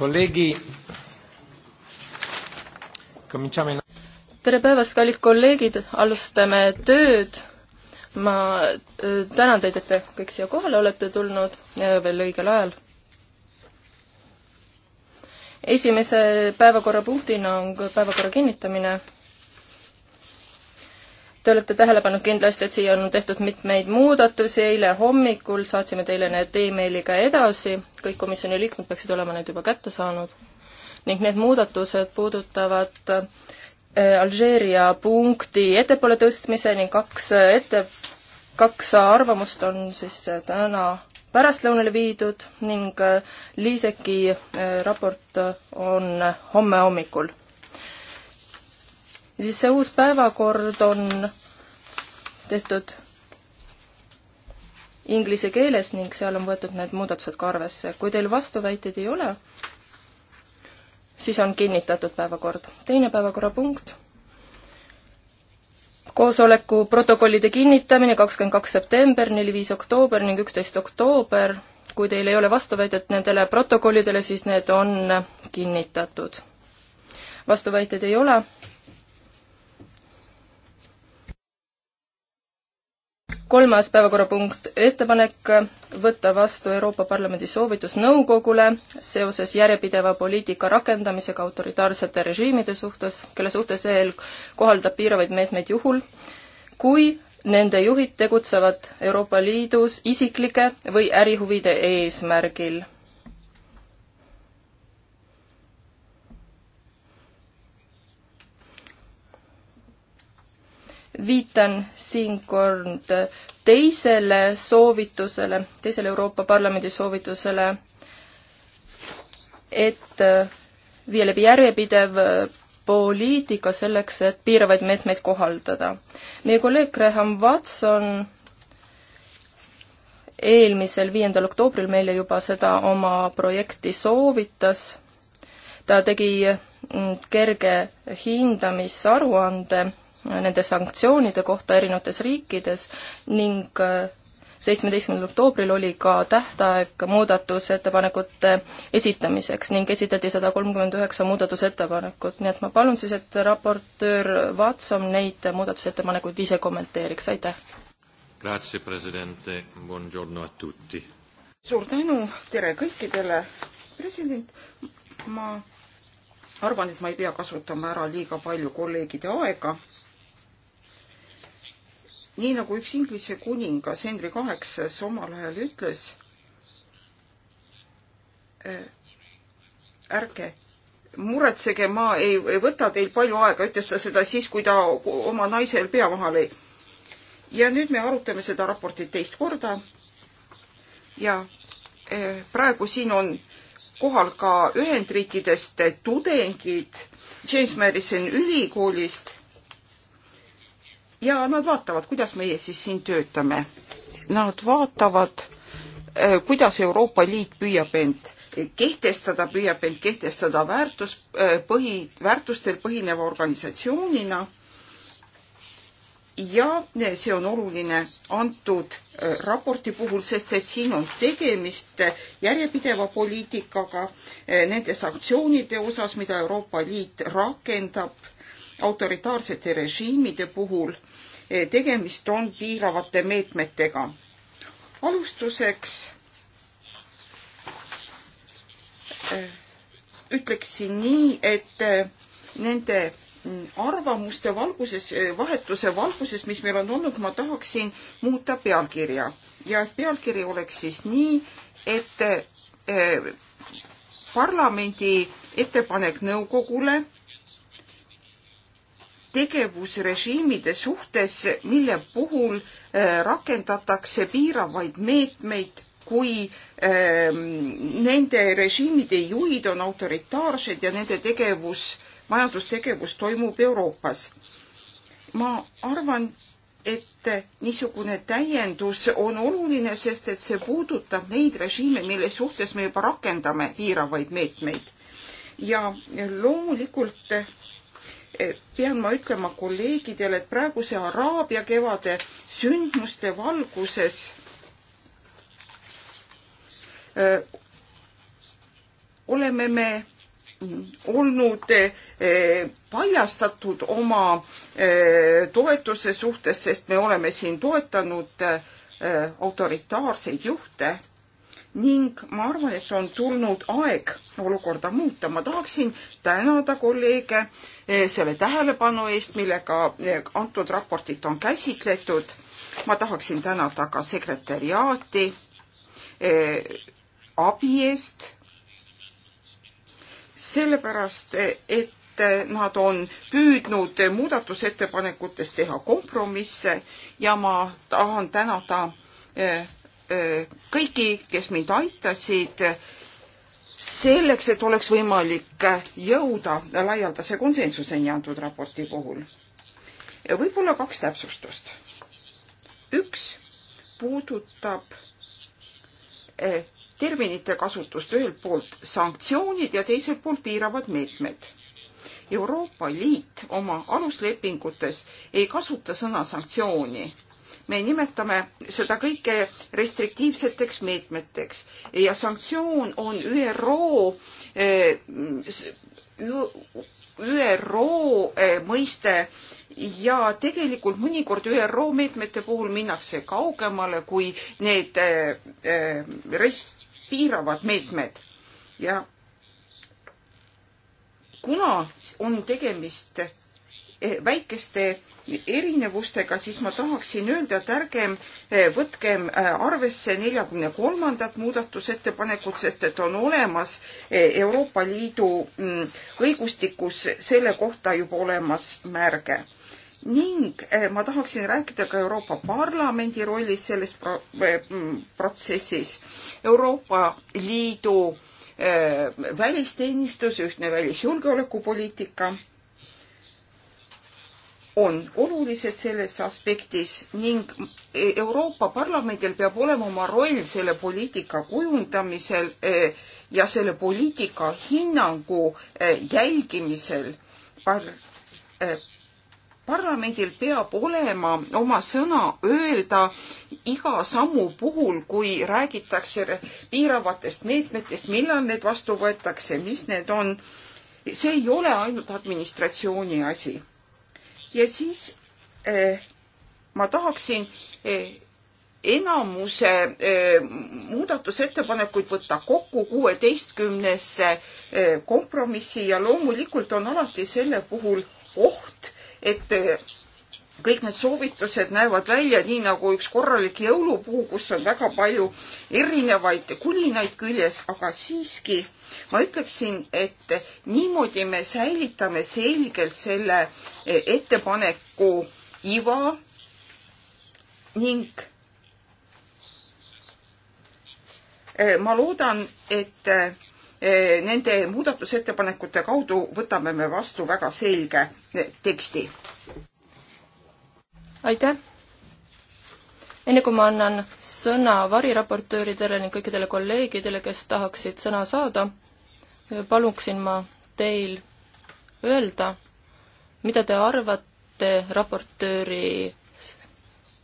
kolleegi. tere päevast, kallid kolleegid, alustame tööd. ma äh, tänan teid, et te kõik siia kohale olete tulnud veel õigel ajal. esimese päevakorrapunktina on päevakorra kinnitamine Te olete tähele pannud kindlasti, et siia on tehtud mitmeid muudatusi, eile hommikul saatsime teile need emailiga edasi, kõik komisjoni liikmed peaksid olema need juba kätte saanud. ning need muudatused puudutavad äh, Alžeeria punkti ettepoole tõstmise ning kaks äh, ette, kaks arvamust on siis äh, täna pärastlõunale viidud ning Liiseki raport on homme hommikul siis see uus päevakord on tehtud inglise keeles ning seal on võetud need muudatused ka arvesse. kui teil vastuväiteid ei ole, siis on kinnitatud päevakord. teine päevakorrapunkt, koosoleku protokollide kinnitamine kakskümmend kaks september, neli-viis oktoober ning üksteist oktoober, kui teil ei ole vastuväidet nendele protokollidele, siis need on kinnitatud. vastuväiteid ei ole kolmas päevakorrapunkt, ettepanek võtta vastu Euroopa Parlamendi soovitus nõukogule seoses järjepideva poliitika rakendamisega autoritaarsete režiimide suhtes, kelle suhtes EL kohaldab piiravaid meetmeid juhul, kui nende juhid tegutsevad Euroopa Liidus isiklike või ärihuvide eesmärgil viitan siinkord teisele soovitusele, teisele Euroopa Parlamendi soovitusele, et äh, viia läbi järjepidev äh, poliitika selleks, et piiravaid meetmeid kohaldada. meie kolleeg Graham Watson eelmisel, viiendal oktoobril meile juba seda oma projekti soovitas, ta tegi mm, kerge hindamisaruande nende sanktsioonide kohta erinevates riikides ning äh, seitsmeteistkümnendal oktoobril oli ka tähtaeg muudatusettepanekute esitamiseks ning esitati sada kolmkümmend üheksa muudatusettepanekut, nii et ma palun siis, et raportöör Vatsom neid muudatusettepanekuid ise kommenteeriks, aitäh! Grazie presidente, buongiorno a tutti! suur tänu, tere kõikidele, president, ma arvan, et ma ei pea kasutama ära liiga palju kolleegide aega nii nagu üks Inglise kuningas Henry Kaheksas omal ajal ütles, äh, ärge muretsege, ma ei, ei võta teil palju aega, ütles ta seda siis, kui ta oma naisel pea maha lõi. ja nüüd me arutame seda raportit teist korda. ja äh, praegu siin on kohal ka Ühendriikidest tudengid James Madison ülikoolist ja nad vaatavad, kuidas meie siis siin töötame. Nad vaatavad, eh, kuidas Euroopa Liit püüab end kehtestada, püüab end kehtestada väärtus, eh, põhi, väärtustel põhineva organisatsioonina. ja see on oluline antud eh, raporti puhul, sest et siin on tegemist järjepideva poliitikaga nende sanktsioonide osas, mida Euroopa Liit rakendab autoritaarsete režiimide puhul eh, tegemist on piiravate meetmetega. alustuseks eh, ütleksin nii, et eh, nende mm, arvamuste valguses, vahetuse valguses, mis meil on olnud, ma tahaksin muuta pealkirja ja pealkiri oleks siis nii, et parlamendi ettepanek nõukogule tegevusrežiimide suhtes, mille puhul äh, rakendatakse piiravaid meetmeid, kui ähm, nende režiimide juhid on autoritaarsed ja nende tegevus, majandustegevus toimub Euroopas. ma arvan, et niisugune täiendus on oluline, sest et see puudutab neid režiime, mille suhtes me juba rakendame piiravaid meetmeid. ja loomulikult pean ma ütlema kolleegidele, et praeguse Araabia kevade sündmuste valguses öö, äh, oleme me olnud äh, paljastatud oma äh, toetuse suhtes, sest me oleme siin toetanud autoritaarseid juhte ning ma arvan, et on tulnud aeg olukorda muuta. ma tahaksin tänada kolleege eh, selle tähelepanu eest, millega eh, antud raportit on käsitletud. ma tahaksin tänada ka sekretäriaati eh, abi eest, sellepärast et nad on püüdnud muudatusettepanekutes teha kompromisse ja ma tahan tänada kõiki, kes mind aitasid selleks, et oleks võimalik jõuda laialdase konsensuseni antud raporti puhul. võib-olla kaks täpsustust. üks puudutab eh, terminite kasutust ühelt poolt sanktsioonid ja teiselt poolt piiravad meetmed. Euroopa Liit oma aluslepingutes ei kasuta sõna sanktsiooni me nimetame seda kõike restriktiivseteks meetmeteks ja sanktsioon on ÜRO eh, ÜRO eh, mõiste ja tegelikult mõnikord ÜRO meetmete puhul minnakse kaugemale kui need eh, piiravad meetmed ja kuna on tegemist Eh, väikeste erinevustega, siis ma tahaksin öelda, et ärgem eh, võtkem eh, arvesse neljakümne kolmandat muudatusettepanekut, sest et on olemas Euroopa Liidu mm, õigustikus selle kohta juba olemas märge ning ma tahaksin rääkida ka Euroopa Parlamendi rollist selles pro mm, protsessis. Euroopa Liidu välisteenistus, ühtne välisjulgeolekupoliitika on olulised selles aspektis ning e-, Euroopa Parlamendil peab olema oma roll selle poliitika kujundamisel e, ja selle poliitika hinnangu e, jälgimisel. parlamendil peab olema oma sõna öelda iga sammu puhul, kui räägitakse piiravatest meetmetest, millal need vastu võetakse, mis need on. see ei ole ainult administratsiooni asi ja siis eh, ma tahaksin eh, enamuse eh, muudatusettepanekuid võtta kokku kuueteistkümnesse eh, kompromissi ja loomulikult on alati selle puhul oht, et eh, kõik need soovitused näevad välja nii nagu üks korralik jõulupuu, kus on väga palju erinevaid kulinaid küljes, aga siiski ma ütleksin, et niimoodi me säilitame selgelt selle eh, ettepaneku iva ning eh, ma loodan, et eh, nende muudatusettepanekute kaudu võtame me vastu väga selge teksti aitäh! enne kui ma annan sõna variraportööridele ning kõikidele kolleegidele, kes tahaksid sõna saada, paluksin ma teil öelda, mida te arvate raportööri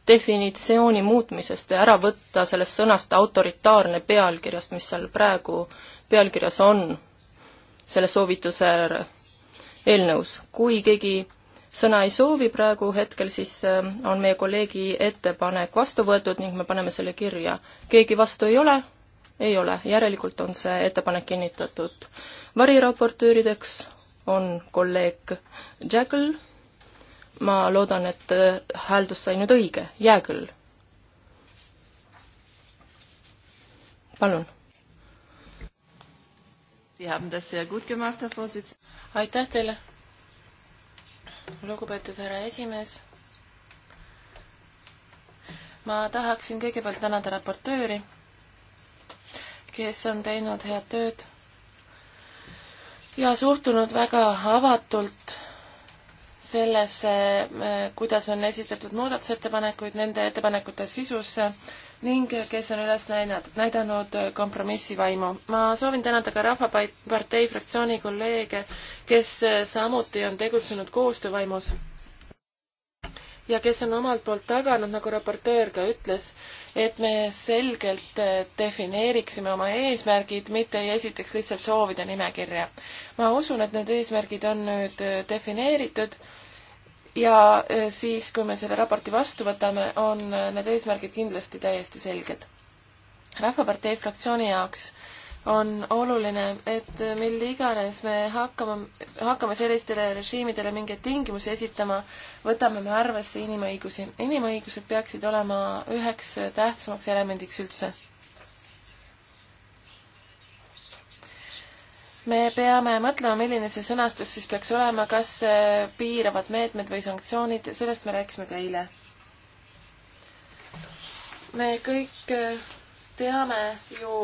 definitsiooni muutmisest ja ära võtta sellest sõnast autoritaarne pealkirjast, mis seal praegu pealkirjas on, selle soovituse eelnõus. kui keegi sõna ei soovi praegu hetkel, siis äh, on meie kolleegi ettepanek vastu võetud ning me paneme selle kirja. keegi vastu ei ole? ei ole, järelikult on see ettepanek kinnitatud. variraportöörideks on kolleeg Jackal, ma loodan, et äh, hääldus sai nüüd õige, Jackal. palun Sie haben das sehr gut gemacht, Herr Vorsitzender. Aitäh teile, lugupeetud härra esimees. ma tahaksin kõigepealt tänada raportööri, kes on teinud head tööd ja suhtunud väga avatult sellesse, eh, kuidas on esitatud muudatusettepanekuid, nende ettepanekute sisusse ning kes on üles näinud, näidanud kompromissivaimu. ma soovin tänada ka Rahvapartei fraktsiooni kolleege, kes samuti on tegutsenud koostöövaimus ja kes on omalt poolt taganud, nagu raportöör ka ütles, et me selgelt defineeriksime oma eesmärgid, mitte ei esitaks lihtsalt soovide nimekirja. ma usun, et need eesmärgid on nüüd defineeritud ja eh, siis, kui me selle raporti vastu võtame, on eh, need eesmärgid kindlasti täiesti selged. rahvapartei fraktsiooni jaoks on oluline, et eh, mil iganes me hakkame, hakkame sellistele režiimidele mingeid tingimusi esitama, võtame me arvesse inimõigusi. inimõigused peaksid olema üheks tähtsamaks elemendiks üldse me peame mõtlema, milline see sõnastus siis peaks olema, kas äh, piiravad meetmed või sanktsioonid, sellest me rääkisime ka eile. me kõik äh, teame ju,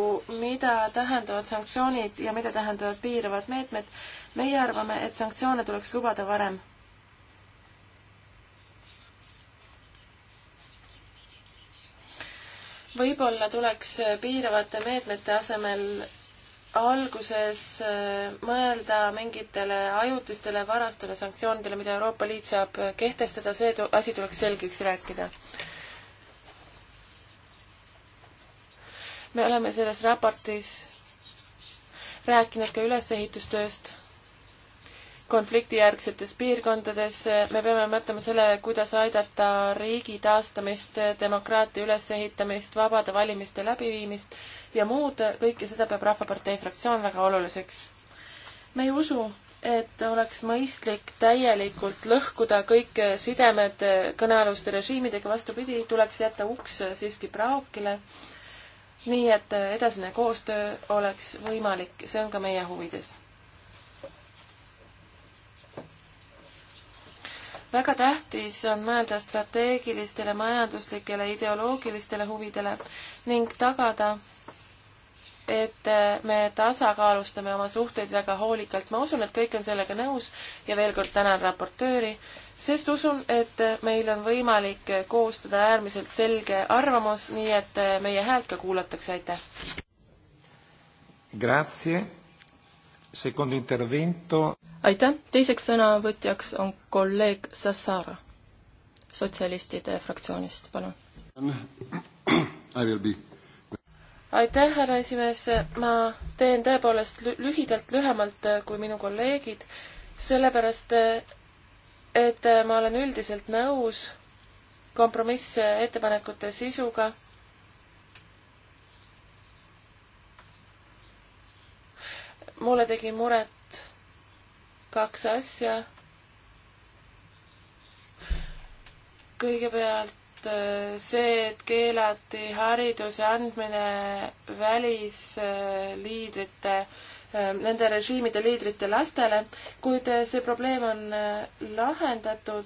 mida tähendavad sanktsioonid ja mida tähendavad piiravad meetmed. meie arvame, et sanktsioone tuleks lubada varem võib-olla tuleks äh, piiravate meetmete asemel alguses äh, mõelda mingitele ajutistele varastele sanktsioonidele, mida Euroopa Liit saab kehtestada, see asi tuleks selgeks rääkida. me oleme selles raportis rääkinud ka ülesehitustööst konfliktijärgsetes piirkondades. me peame mõtlema sellele, kuidas aidata riigi taastamist, demokraatia ülesehitamist, vabade valimiste läbiviimist ja muud, kõike seda peab Rahvapartei fraktsioon väga oluliseks. me ei usu, et oleks mõistlik täielikult lõhkuda kõik sidemed kõnealuste režiimidega, vastupidi, tuleks jätta uks siiski praokile, nii et edasine koostöö oleks võimalik, see on ka meie huvides. väga tähtis on mõelda strateegilistele, majanduslikele, ideoloogilistele huvidele ning tagada, et äh, me tasakaalustame oma suhteid väga hoolikalt. ma usun, et kõik on sellega nõus ja veel kord tänan raportööri, sest usun, et äh, meil on võimalik äh, koostada äärmiselt selge arvamus, nii et meie häält ka kuulatakse, aitäh! Grazie, secondo intervento. aitäh, teiseks sõnavõtjaks on kolleeg Sassara sotsialistide fraktsioonist, palun. I will be aitäh, härra esimees, ma teen tõepoolest lühidalt, lühemalt äh, kui minu kolleegid, sellepärast äh, et äh, ma olen üldiselt nõus kompromissettepanekute sisuga. mulle tegi muret kaks asja. kõigepealt Äh, see, et keelati hariduse andmine välisliidrite, äh, nende režiimide liidrite lastele, kuid äh, see probleem on lahendatud.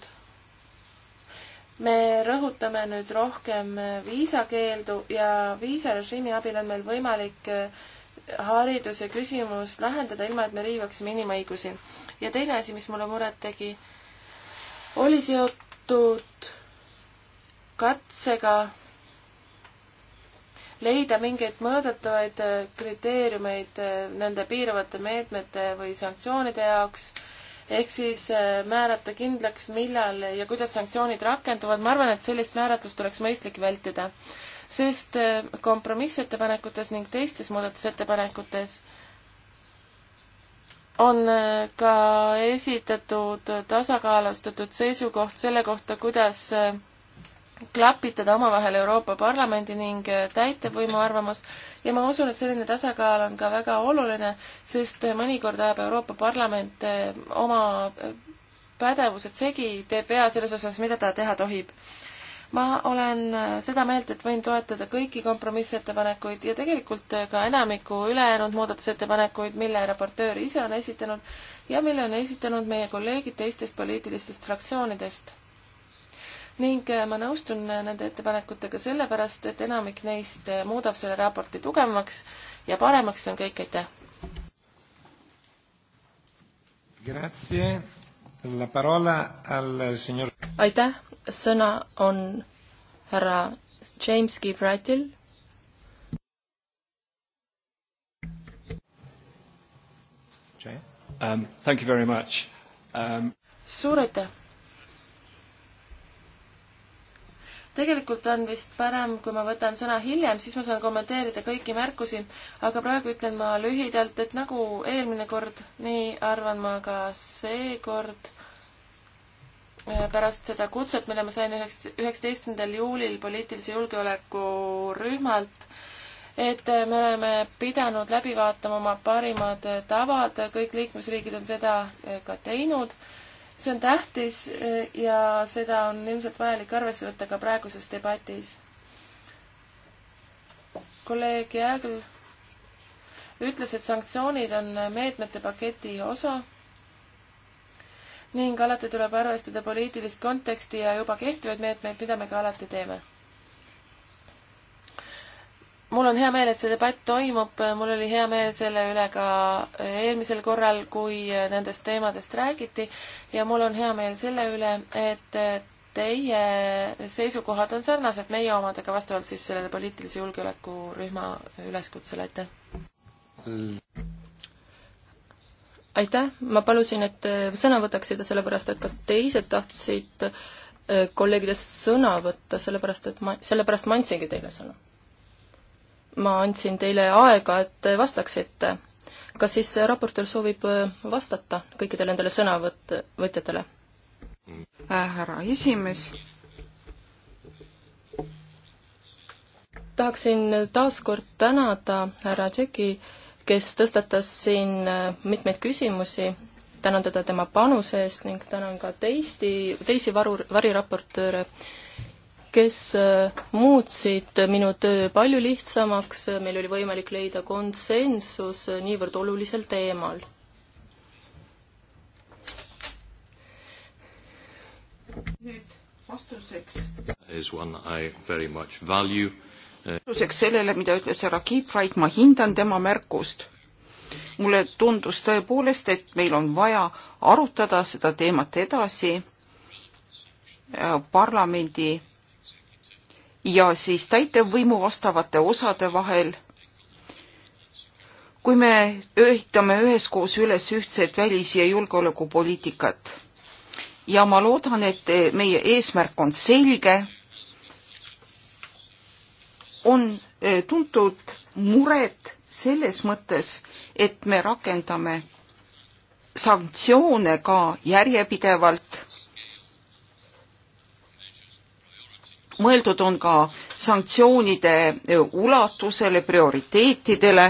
me rõhutame nüüd rohkem viisakeeldu ja viisarežiimi abil on meil võimalik hariduse küsimust lahendada, ilma et me riivaksime inimõigusi. ja teine asi, mis mulle muret tegi, oli seotud katsega leida mingeid mõõdetavaid äh, kriteeriumeid äh, nende piiravate meetmete või sanktsioonide jaoks, ehk siis äh, määrata kindlaks, millal ja kuidas sanktsioonid rakenduvad, ma arvan, et sellist määratlust oleks mõistlik vältida. sest kompromissettepanekutes ning teistes muudatusettepanekutes on ka esitatud tasakaalustatud seisukoht selle kohta, kuidas klapitada omavahel Euroopa Parlamendi ning äh, täitevvõimu arvamus ja ma usun, et selline tasakaal on ka väga oluline, sest äh, mõnikord ajab Euroopa Parlament äh, oma pädevused segi, teeb vea selles osas, mida ta teha tohib. ma olen seda meelt, et võin toetada kõiki kompromissettepanekuid ja tegelikult ka enamiku ülejäänud muudatusettepanekuid, mille raportöör ise on esitanud ja mille on esitanud meie kolleegid teistest poliitilistest fraktsioonidest ning äh, ma nõustun äh, nende ettepanekutega sellepärast, et enamik neist äh, muudab selle raporti tugevamaks ja paremaks, see on kõik, aitäh! Signor... aitäh, sõna on härra James Gibratil. Um, thank you very much um.... suur aitäh! tegelikult on vist parem, kui ma võtan sõna hiljem, siis ma saan kommenteerida kõiki märkusi, aga praegu ütlen ma lühidalt, et nagu eelmine kord, nii arvan ma ka seekord äh, pärast seda kutset, mille ma sain üheks, üheksateistkümnendal juulil poliitilise julgeoleku rühmalt, et äh, me oleme pidanud läbi vaatama oma parimad tavad, kõik liikmesriigid on seda äh, ka teinud see on tähtis eh, ja seda on ilmselt vajalik arvesse võtta ka praeguses debatis. kolleeg Jäägl ütles, et sanktsioonid on meetmete paketi osa ning alati tuleb arvestada poliitilist konteksti ja juba kehtivaid meetmeid, mida me ka alati teeme mul on hea meel, et see debatt toimub, mul oli hea meel selle üle ka eelmisel korral, kui nendest teemadest räägiti ja mul on hea meel selle üle, et teie seisukohad on sarnased meie omadega vastavalt siis sellele poliitilise julgeoleku rühma üleskutsele, aitäh! aitäh, ma palusin, et sõna võtaksite, sellepärast et ka teised tahtsid kolleegidest sõna võtta, sellepärast et ma, sellepärast ma andsingi teile sõna ma andsin teile aega, et te vastaksite. kas siis raportöör soovib äh, vastata kõikidele nendele sõnavõtt-, võtjatele? Äh, härra esimees. tahaksin taas kord tänada härra Tšeki, kes tõstatas siin äh, mitmeid küsimusi, tänan teda tema panuse eest ning tänan ka teisti, teisi varu, variraportööre, kes äh, muutsid minu töö palju lihtsamaks, meil oli võimalik leida konsensus äh, niivõrd olulisel teemal. nüüd vastuseks. Uh, vastuseks sellele, mida ütles härra Kiibright, ma hindan tema märkust. mulle tundus tõepoolest, et meil on vaja arutada seda teemat edasi äh, parlamendi ja siis täitevvõimu vastavate osade vahel. kui me ehitame üheskoos üles ühtset välis- ja julgeolekupoliitikat ja ma loodan, et meie eesmärk on selge, on e, tuntud muret selles mõttes, et me rakendame sanktsioone ka järjepidevalt mõeldud on ka sanktsioonide ulatusele, prioriteetidele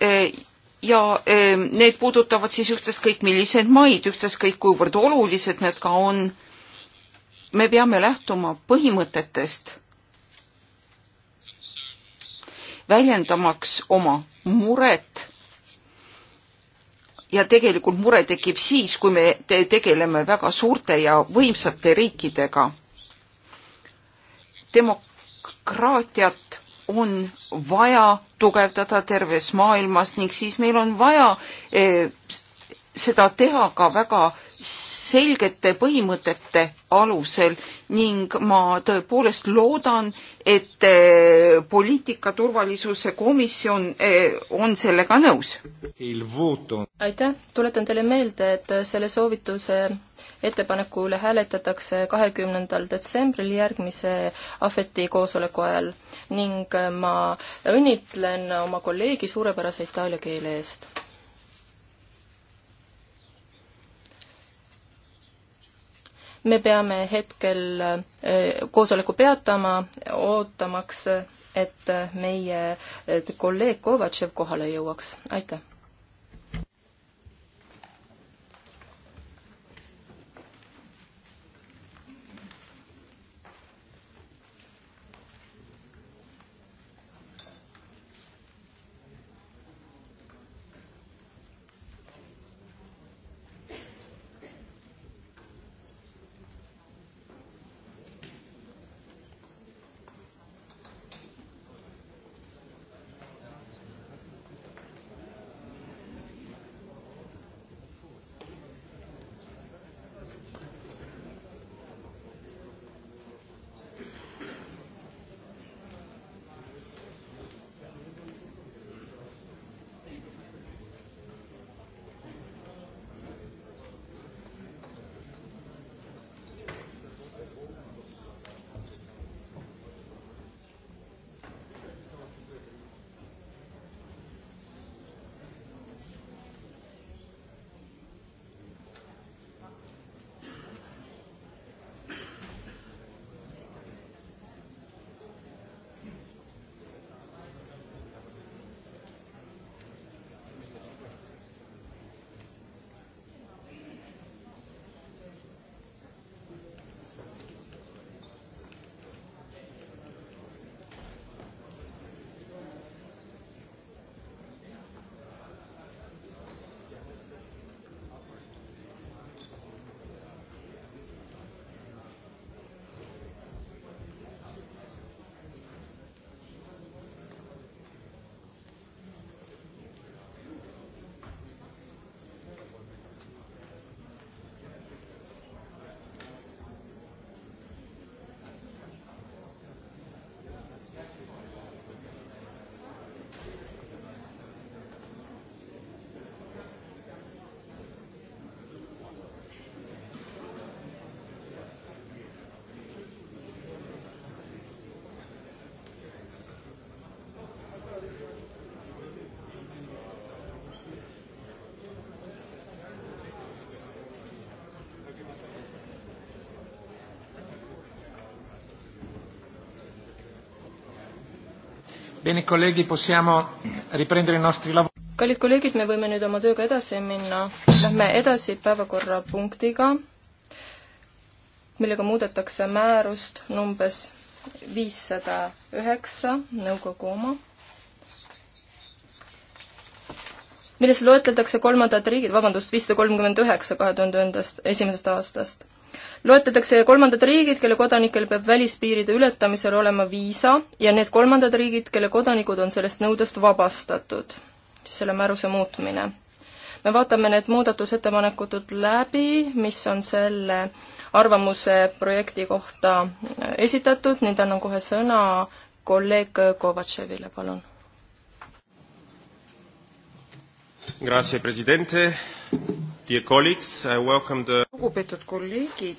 e, ja e, need puudutavad siis ükstaskõik milliseid maid, ükstaskõik kuivõrd olulised need ka on. me peame lähtuma põhimõtetest, väljendamaks oma muret ja tegelikult mure tekib siis, kui me te tegeleme väga suurte ja võimsate riikidega. demokraatiat on vaja tugevdada terves maailmas ning siis meil on vaja eh, seda teha ka väga eh, selgete põhimõtete alusel ning ma tõepoolest loodan, et eh, poliitika turvalisuse komisjon eh, on sellega nõus. aitäh, tuletan teile meelde, et selle soovituse ettepaneku üle hääletatakse kahekümnendal detsembril järgmise Ahveti koosoleku ajal ning ma õnnitlen oma kolleegi suurepärase itaalia keele eest me peame hetkel äh, koosoleku peatama, ootamaks, et meie äh, kolleeg Kovatšev kohale jõuaks. aitäh! Bene, kolleegid, possiamo riprendere i nostri lavori. kallid kolleegid, me võime nüüd oma tööga edasi minna. Lähme edasi päevakorrapunktiga, millega muudetakse määrust numbes viissada üheksa, nõukogu oma, milles loetletakse kolmandad riigid, vabandust, viissada kolmkümmend üheksa kahe tuhande ühendast, esimesest aastast loetletakse kolmandad riigid, kelle kodanikel peab välispiiride ületamisel olema viisa ja need kolmandad riigid, kelle kodanikud on sellest nõudest vabastatud. selle määruse muutmine. me vaatame need muudatusettepanekud läbi, mis on selle arvamuse projekti kohta äh, esitatud, nüüd annan kohe sõna kolleeg Kovatševile, palun. Grazie, presidente lugupeetud kolleegid,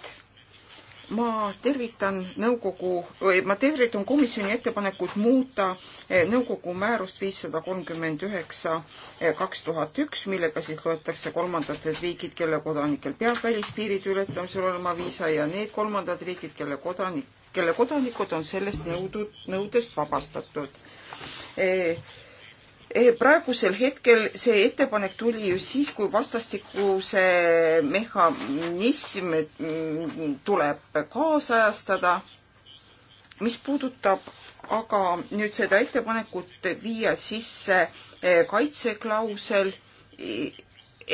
ma tervitan nõukogu või ma tervitan komisjoni ettepanekut muuta eh, nõukogu määrust viissada kolmkümmend üheksa eh, kaks tuhat üks, millega siis loetakse kolmandatelt riigid, kelle kodanikel peab välispiirid ületamisel olema viisa ja need kolmandad riigid, kelle kodanik, kelle kodanikud on sellest nõudud, nõudest vabastatud eh, Eh, praegusel hetkel see ettepanek tuli ju siis, kui vastastikuse mehhanism mm, tuleb kaasajastada. mis puudutab aga nüüd seda ettepanekut viia sisse eh, kaitseklausel,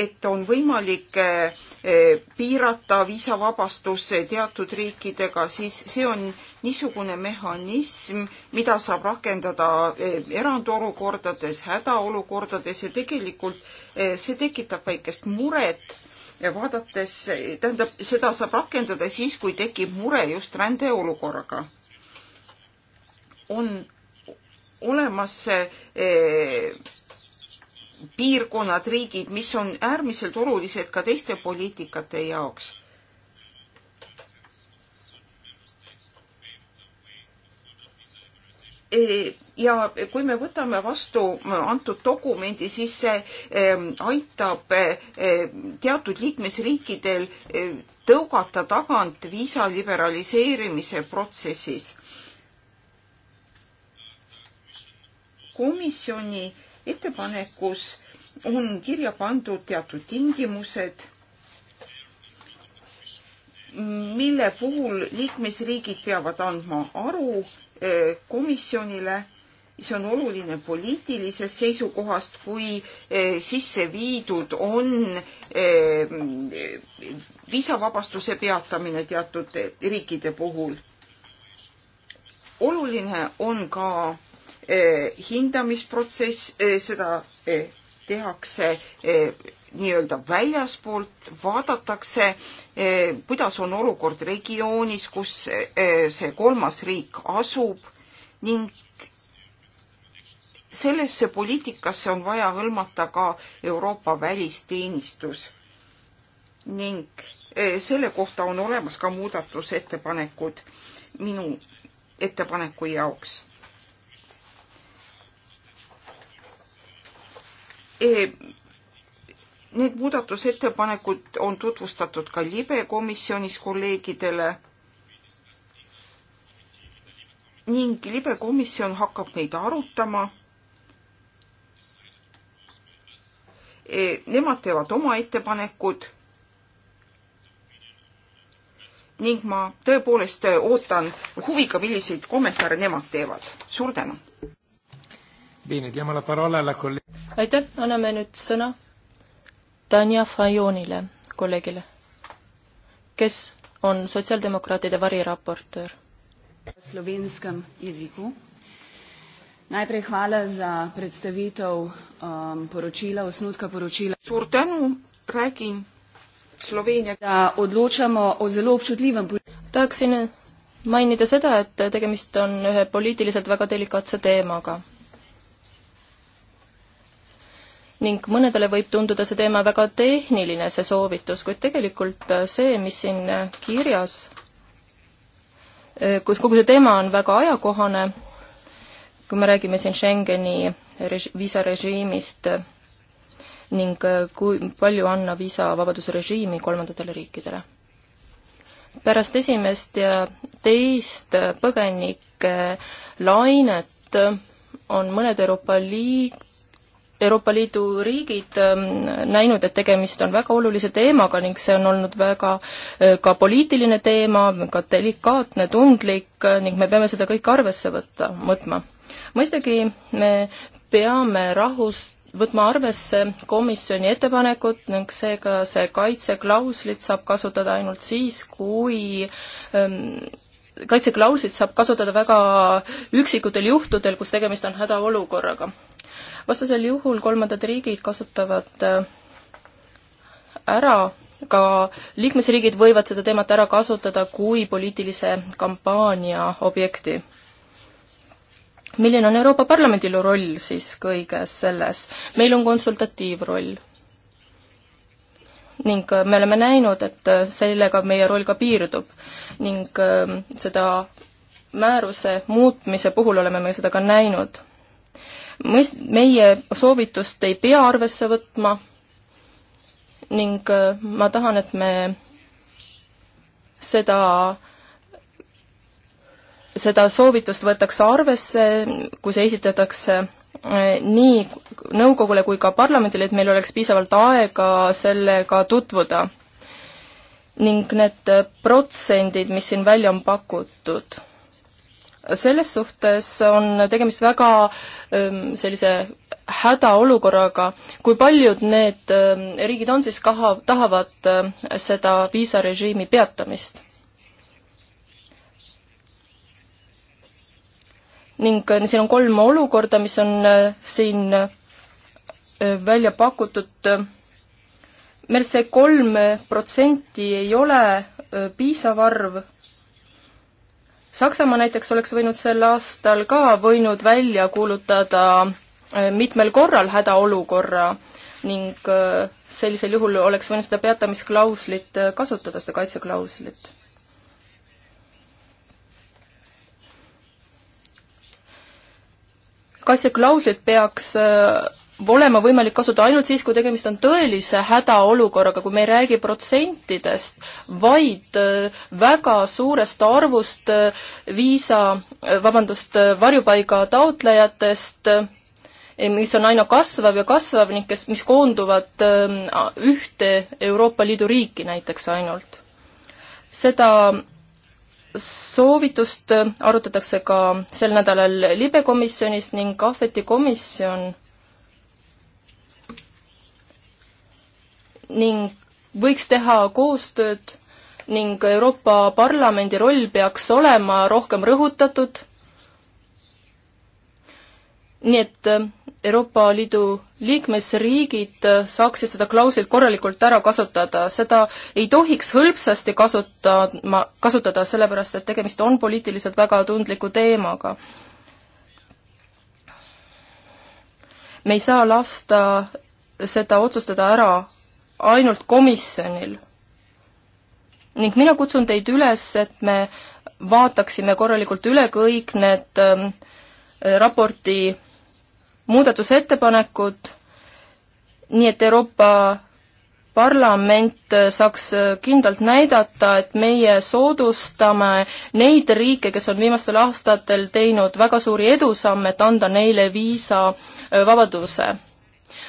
et on võimalik eh, piirata viisavabastus teatud riikidega, siis see on niisugune mehhanism, mida saab rakendada eh, erandolukordades, hädaolukordades ja tegelikult eh, see tekitab väikest muret, vaadates, eh, tähendab, seda saab rakendada siis, kui tekib mure just rändeolukorraga. on olemas eh, piirkonnad, riigid, mis on äärmiselt olulised ka teiste poliitikate jaoks E, ja kui me võtame vastu antud dokumendi, siis see e, aitab e, teatud liikmesriikidel tõugata tagant viisa liberaliseerimise protsessis. komisjoni ettepanekus on kirja pandud teatud tingimused mille puhul liikmesriigid peavad andma aru komisjonile, see on oluline poliitilisest seisukohast, kui sisse viidud on viisavabastuse peatamine teatud riikide puhul. oluline on ka hindamisprotsess, seda tehakse nii-öelda väljaspoolt vaadatakse, eh, kuidas on olukord regioonis, kus eh, see kolmas riik asub ning sellesse poliitikasse on vaja hõlmata ka Euroopa välisteenistus. ning eh, selle kohta on olemas ka muudatusettepanekud minu ettepaneku jaoks e Need muudatusettepanekud on tutvustatud ka libe komisjonis kolleegidele ning libe komisjon hakkab neid arutama. E, nemad teevad oma ettepanekud ning ma tõepoolest ootan huviga, milliseid kommentaare nemad teevad. suur tänu! aitäh, anname nüüd sõna Tanja Fajonile, kolleegile, kes on sotsiaaldemokraatide variraportöör. slovenskem jeziku. Najprej hvala za predstavitev um, poročila, osnutka poročila. suur tänu, räägin Sloveenia. da odločamo o zelo občutljivem. tahaksin mainida seda, et tegemist on ühe poliitiliselt väga delikaatse teemaga ning mõnedele võib tunduda see teema väga tehniline, see soovitus, kuid tegelikult äh, see, mis siin äh, kirjas, äh, kus kogu see teema on väga ajakohane, kui me räägime siin Schengeni reži-, viisarežiimist ning kui palju anna viisavabaduse režiimi kolmandatele riikidele. pärast esimest ja teist põgenike lainet on mõned Euroopa liik-, Euroopa Liidu riigid ähm, näinud, et tegemist on väga olulise teemaga ning see on olnud väga äh, ka poliitiline teema, ka delikaatne, tundlik äh, ning me peame seda kõike arvesse võtta, võtma. mõistagi me peame rahust võtma arvesse komisjoni ettepanekut ning seega see kaitseklauslit saab kasutada ainult siis, kui ähm, kaitseklauslit saab kasutada väga üksikutel juhtudel, kus tegemist on hädaolukorraga vastasel juhul kolmandad riigid kasutavad äh, ära ka liikmesriigid võivad seda teemat ära kasutada kui poliitilise kampaania objekti milline on Euroopa Parlamendil roll siis kõiges selles? meil on konsultatiivroll. ning äh, me oleme näinud, et äh, sellega meie roll ka piirdub ning seda määruse muutmise puhul oleme me seda ka näinud mõist-, meie soovitust ei pea arvesse võtma ning äh, ma tahan, et me seda, seda soovitust võetakse arvesse, kui see esitatakse äh, nii nõukogule kui ka parlamendile, et meil oleks piisavalt aega sellega tutvuda. ning need äh, protsendid, mis siin välja on pakutud selles suhtes on tegemist väga ähm, sellise hädaolukorraga, kui paljud need ähm, riigid on siis kaha, tahavad ähm, seda viisarežiimi peatamist? ning äh, siin on kolm olukorda, mis on äh, siin äh, välja pakutud. meil see kolm protsenti ei ole piisav arv Saksamaa näiteks oleks võinud sel aastal ka võinud välja kuulutada äh, mitmel korral hädaolukorra ning äh, sellisel juhul oleks võinud seda peatamisklauslit äh, kasutada, seda kaitseklauslit. kas see klauslit peaks olema võimalik kasutada ainult siis, kui tegemist on tõelise hädaolukorraga, kui me ei räägi protsentidest, vaid äh, väga suurest arvust äh, viisa, äh, vabandust, varjupaiga taotlejatest, mis on aina kasvav ja kasvav ning kes, mis koonduvad ühte Euroopa Liidu riiki näiteks ainult. seda soovitust arutatakse ka sel nädalal libekomisjonis ning Ahveti komisjon ning võiks teha koostööd ning Euroopa Parlamendi roll peaks olema rohkem rõhutatud. nii et äh, Euroopa Liidu liikmesriigid äh, saaksid seda klauslit korralikult ära kasutada, seda ei tohiks hõlpsasti kasutama, kasutada, sellepärast et tegemist on poliitiliselt väga tundliku teemaga. me ei saa lasta seda otsustada ära ainult komisjonil. ning mina kutsun teid üles, et me vaataksime korralikult üle kõik need ähm, raporti muudatusettepanekud, nii et Euroopa parlament saaks kindlalt näidata, et meie soodustame neid riike, kes on viimastel aastatel teinud väga suuri edusamme, et anda neile viisavabaduse. Äh,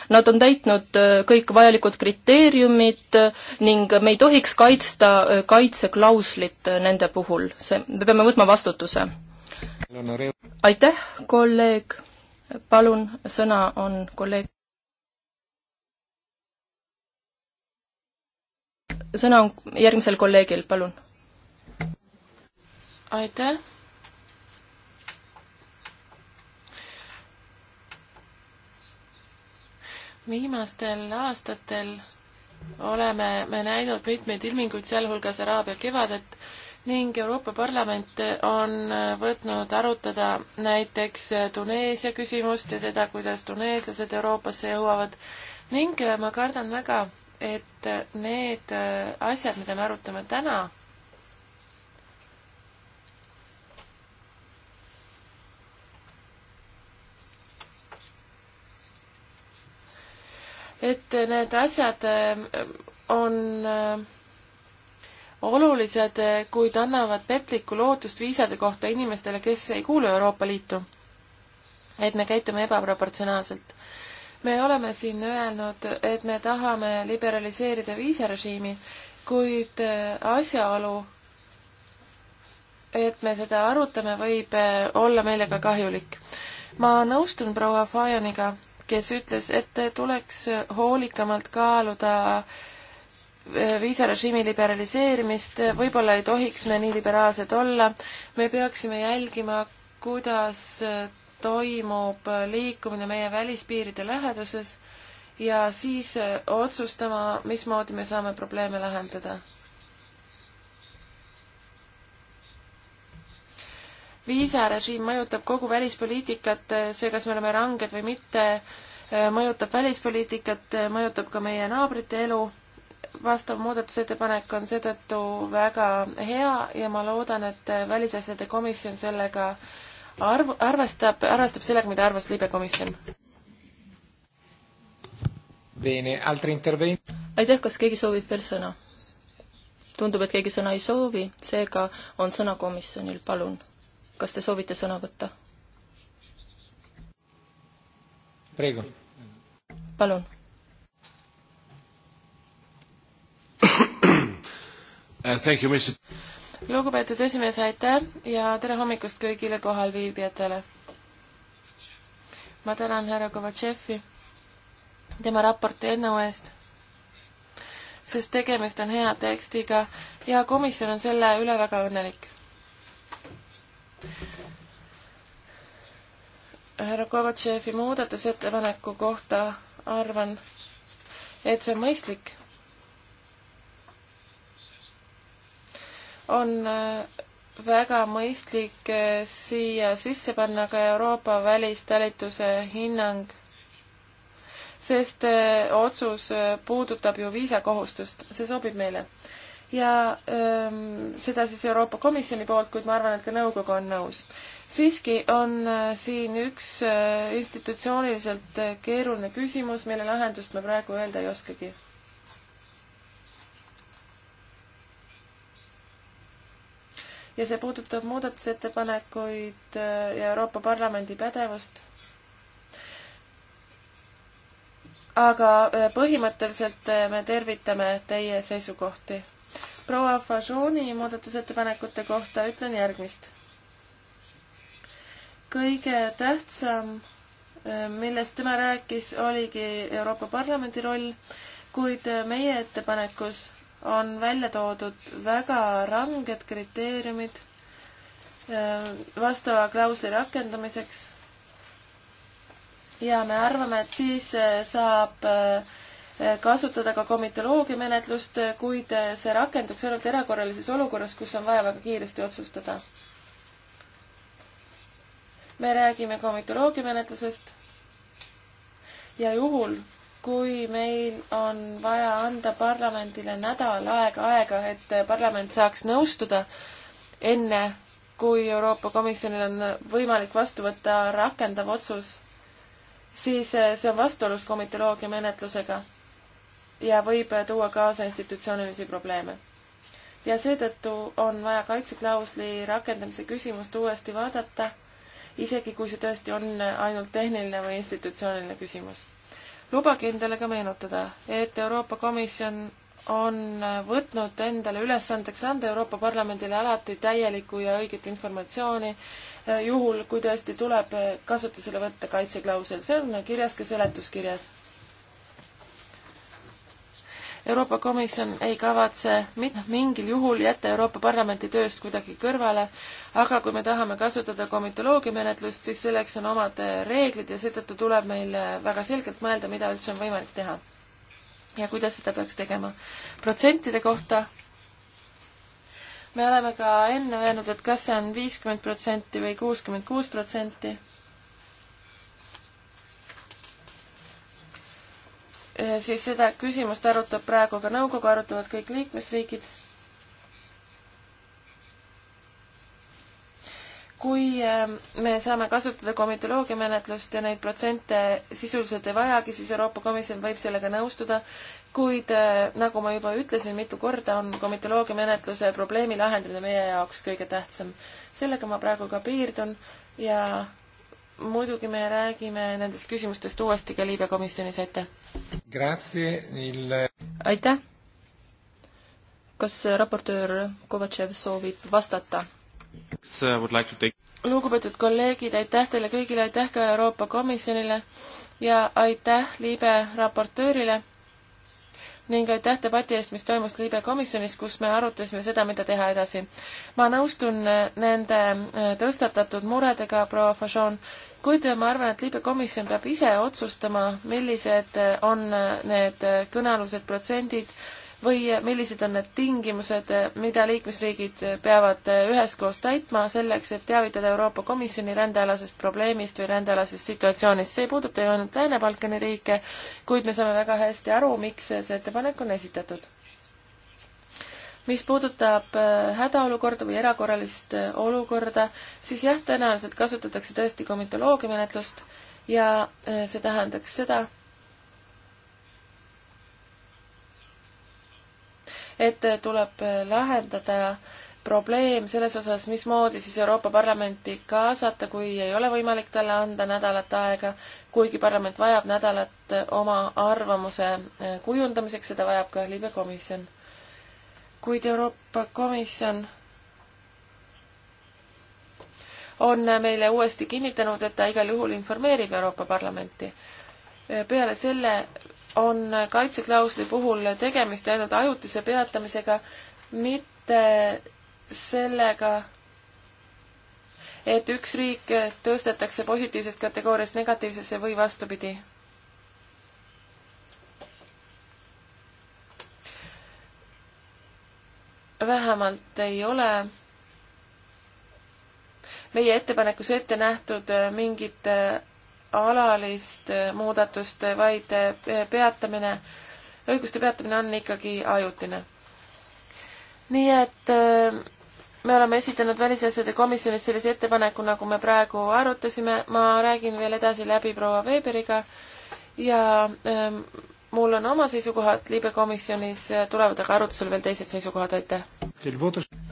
Nad on täitnud äh, kõik vajalikud kriteeriumid äh, ning me ei tohiks kaitsta äh, kaitseklauslit nende puhul, see, me peame võtma vastutuse. aitäh, kolleeg, palun, sõna on kolleeg. sõna on järgmisel kolleegil, palun. aitäh viimastel aastatel oleme me näinud mitmeid ilminguid, sealhulgas Araabia kevadet ning Euroopa Parlament on võtnud arutada näiteks Tuneesia küsimust ja seda, kuidas tuneeslased Euroopasse jõuavad ning ma kardan väga, et need asjad, mida me arutame täna, et need asjad äh, on äh, olulised, äh, kuid annavad petlikku lootust viisade kohta inimestele, kes ei kuulu Euroopa Liitu. et me käitume ebaproportsionaalselt. me oleme siin öelnud, et me tahame liberaliseerida viisarežiimi, kuid asjaolu, et me seda arutame, võib olla meile ka kahjulik. ma nõustun proua Fajoniga kes ütles, et tuleks hoolikamalt kaaluda eh, viisarežiimi liberaliseerimist, võib-olla ei tohiks me nii liberaalsed olla, me peaksime jälgima, kuidas eh, toimub liikumine meie välispiiride läheduses ja siis eh, otsustama, mismoodi me saame probleeme lahendada viisarežiim mõjutab kogu välispoliitikat, see, kas me oleme ranged või mitte, eh, mõjutab välispoliitikat, eh, mõjutab ka meie naabrite elu, vastav muudatusettepanek on seetõttu väga hea ja ma loodan, et eh, Välisasjade Komisjon sellega arv-, arvestab, arvestab sellega, mida arvas Liibe Komisjon. aitäh, kas keegi soovib veel sõna? tundub, et keegi sõna ei soovi, seega on sõna komisjonil, palun kas te soovite sõna võtta? Reigo. palun. Uh, lugupeetud esimees, aitäh ja tere hommikust kõigile kohalviibijatele. ma tänan härra Kovatšefi tema raporti eelnõu eest, sest tegemist on hea tekstiga ja komisjon on selle üle väga õnnelik härra Kovatševi muudatusettepaneku kohta arvan, et see on mõistlik. on äh, väga mõistlik äh, siia sisse panna ka Euroopa välistalituse hinnang, sest äh, otsus puudutab ju viisakohustust, see sobib meile. ja öö, ähm, seda siis Euroopa Komisjoni poolt, kuid ma arvan, et ka nõukogu on nõus siiski on äh, siin üks äh, institutsiooniliselt äh, keeruline küsimus, mille lahendust ma praegu öelda ei oskagi. ja see puudutab muudatusettepanekuid ja Euroopa Parlamendi pädevust. aga põhimõtteliselt me tervitame teie seisukohti. proua Fajoni muudatusettepanekute kohta ütlen järgmist kõige tähtsam, äh, millest tema rääkis, oligi Euroopa Parlamendi roll, kuid äh, meie ettepanekus on välja toodud väga ranged kriteeriumid äh, vastava klausli rakendamiseks. ja me arvame, et siis saab kasutada ka komitoloogia menetlust, kuid see rakenduks ainult erakorralises olukorras, kus on vaja väga kiiresti otsustada me räägime komitoloogia menetlusest ja juhul, kui meil on vaja anda parlamendile nädal aega, aega, et parlament saaks nõustuda enne, kui Euroopa Komisjonil on võimalik vastu võtta rakendav otsus, siis eh, see on vastuolus komitoloogia menetlusega ja võib tuua kaasa institutsioonilisi probleeme. ja seetõttu on vaja kaitseklausli rakendamise küsimust uuesti vaadata isegi kui see tõesti on ainult tehniline või institutsiooniline küsimus. lubage endale ka meenutada, et Euroopa Komisjon on võtnud endale ülesandeks anda Euroopa Parlamendile alati täielikku ja õiget informatsiooni, juhul kui tõesti tuleb kasutusele võtta kaitseklausel, see on kirjas ka seletuskirjas Euroopa Komisjon ei kavatse mitte mingil juhul jätta Euroopa Parlamenti tööst kuidagi kõrvale, aga kui me tahame kasutada komitoloogia menetlust, siis selleks on omad reeglid ja seetõttu tuleb meil väga selgelt mõelda, mida üldse on võimalik teha. ja kuidas seda peaks tegema. protsentide kohta me oleme ka enne öelnud, et kas see on viiskümmend protsenti või kuuskümmend kuus protsenti siis seda küsimust arutab praegu ka nõukogu, arutavad kõik liikmesriigid. kui ähm, me saame kasutada komitoloogia menetlust ja neid protsente sisuliselt ei vajagi, siis Euroopa Komisjon võib sellega nõustuda, kuid äh, nagu ma juba ütlesin mitu korda, on komitoloogia menetluse probleemi lahendamine meie jaoks kõige tähtsam. sellega ma praegu ka piirdun ja muidugi me räägime nendest küsimustest uuesti ka Liibüa komisjonis, aitäh! aitäh! kas raportöör Kovatšev soovib vastata? lugupeetud kolleegid, aitäh teile kõigile, aitäh ka Euroopa Komisjonile ja aitäh Liibe raportöörile ning aitäh debati eest, mis toimus Liibe komisjonis, kus me arutasime seda, mida teha edasi. ma nõustun äh, nende äh, tõstatatud muredega, proua Fajon, kuid äh, ma arvan, et Liibe komisjon peab ise otsustama, millised on need kõnealused protsendid või millised on need tingimused, mida liikmesriigid peavad üheskoos täitma selleks, et teavitada Euroopa Komisjoni rändealasest probleemist või rändealasest situatsioonist. see ei puuduta ju ainult Lääne-Balkani riike, kuid me saame väga hästi aru, miks see ettepanek on esitatud. mis puudutab äh, hädaolukorda või erakorralist äh, olukorda, siis jah, tõenäoliselt kasutatakse tõesti komitoloogia menetlust ja äh, see tähendaks seda, et tuleb lahendada probleem selles osas, mismoodi siis Euroopa Parlamenti kaasata, kui ei ole võimalik talle anda nädalat aega, kuigi parlament vajab nädalat oma arvamuse eh, kujundamiseks, seda vajab ka Liibe komisjon. kuid Euroopa Komisjon on meile uuesti kinnitanud, et ta igal juhul informeerib Euroopa Parlamenti. peale selle on kaitseklausli puhul tegemist ainult ajutise peatamisega, mitte sellega, et üks riik tõstetakse positiivsest kategooriast negatiivsesse või vastupidi. vähemalt ei ole meie ettepanekus ette nähtud mingit alalist muudatust, vaid peatamine, õiguste peatamine on ikkagi ajutine. nii et äh, me oleme esitanud Välisasjade komisjonis sellise ettepaneku, nagu me praegu arutasime, ma räägin veel edasi läbi proua Weberiga ja ähm, mul on oma seisukohad, liibekomisjonis tulevad aga arutusele veel teised seisukohad, aitäh!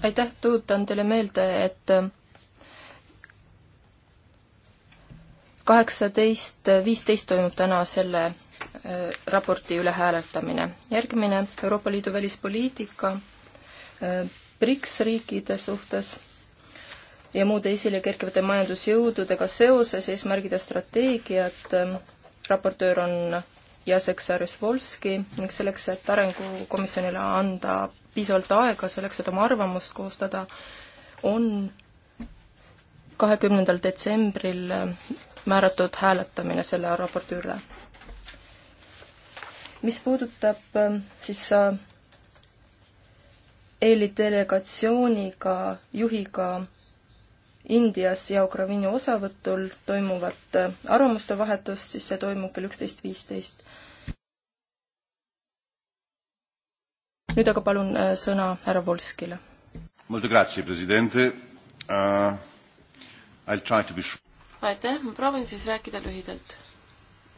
aitäh, tuletan teile meelde, et äh, kaheksateist viisteist toimub täna selle äh, raporti üle hääletamine. järgmine Euroopa Liidu välispoliitika äh, BRICS riikide suhtes ja muude esile kerkivate majandusjõududega seoses eesmärgid ja strateegiad. Äh, raportöör on Jacek Sarjusvolski ning selleks, et Arengukomisjonile anda piisavalt aega selleks, et oma arvamust koostada, on kahekümnendal detsembril määratud hääletamine selle raporti üle. mis puudutab ähm, siis äh, EL-i delegatsiooniga, juhiga Indias ja Ukraina osavõtul toimuvat äh, arvamuste vahetust, siis see toimub kell üksteist viisteist. nüüd aga palun äh, sõna härra Volskile. Molto grazie, presidente uh,. I will try to be sure aitäh, ma proovin siis rääkida lühidalt.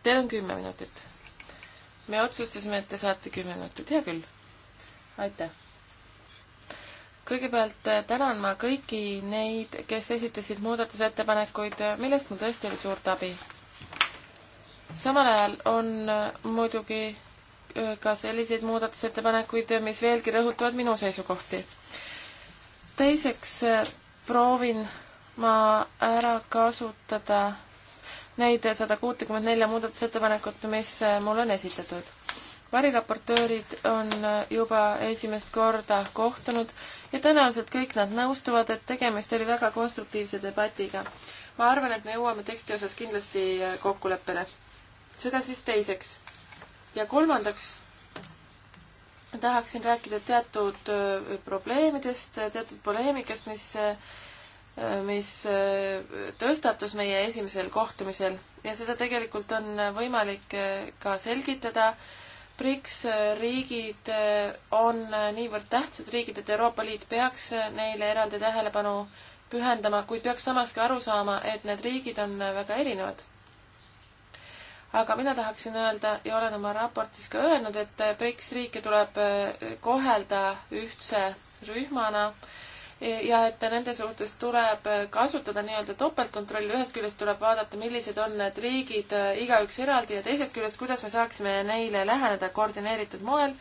Teil on kümme minutit. me otsustasime, et te saate kümme minutit, hea küll. aitäh. kõigepealt äh, tänan ma kõiki neid, kes esitasid muudatusettepanekuid, äh, millest mul tõesti oli suurt abi. samal ajal on äh, muidugi ka selliseid muudatusettepanekuid, mis veelgi rõhutavad minu seisukohti. teiseks proovin ma ära kasutada neid sada kuutekümmet nelja muudatusettepanekut, mis äh, mul on esitatud. variraportöörid on äh, juba esimest korda kohtunud ja tõenäoliselt kõik nad nõustuvad, et tegemist oli väga konstruktiivse debatiga. ma arvan, et me jõuame teksti osas kindlasti äh, kokkuleppele. seda siis teiseks. ja kolmandaks tahaksin rääkida teatud probleemidest, teatud poleemikast, mis mis äh, tõstatus meie esimesel kohtumisel ja seda tegelikult on võimalik äh, ka selgitada. BRICS äh, riigid on niivõrd tähtsad riigid, et Euroopa Liit peaks neile eraldi tähelepanu pühendama, kuid peaks samas ka aru saama, et need riigid on väga erinevad. aga mina tahaksin öelda ja olen oma raportis ka öelnud, et BRICS riike tuleb kohelda ühtse rühmana äh, ja et nende suhtes tuleb kasutada nii-öelda topeltkontrolli, ühest küljest tuleb vaadata, millised on need riigid äh, igaüks eraldi ja teisest küljest, kuidas me saaksime neile läheneda koordineeritud moel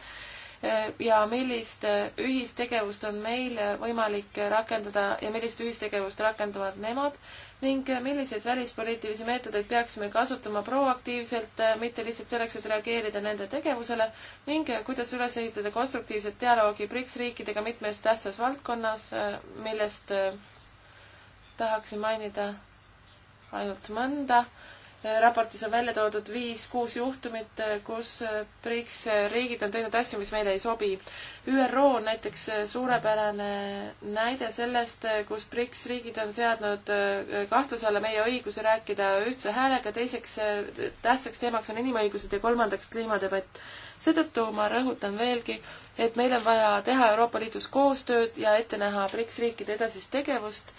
ja millist ühistegevust on meil võimalik rakendada ja millist ühistegevust rakendavad nemad ning milliseid välispoliitilisi meetodeid peaksime kasutama proaktiivselt, mitte lihtsalt selleks, et reageerida nende tegevusele ning kuidas üles ehitada konstruktiivset dialoogi BRICS riikidega mitmes tähtsas valdkonnas, millest tahaksin mainida ainult mõnda Äh, raportis on välja toodud viis-kuus juhtumit, äh, kus äh, BRICS riigid on teinud asju, mis meile ei sobi. ÜRO on näiteks suurepärane näide sellest, kus BRICS riigid on seadnud kahtluse alla meie õiguse rääkida ühtse häälega, teiseks tähtsaks teemaks on inimõigused ja kolmandaks kliimadebatt. seetõttu ma rõhutan veelgi, et meil on vaja teha Euroopa Liidus koostööd ja ette näha BRICS riikide edasist tegevust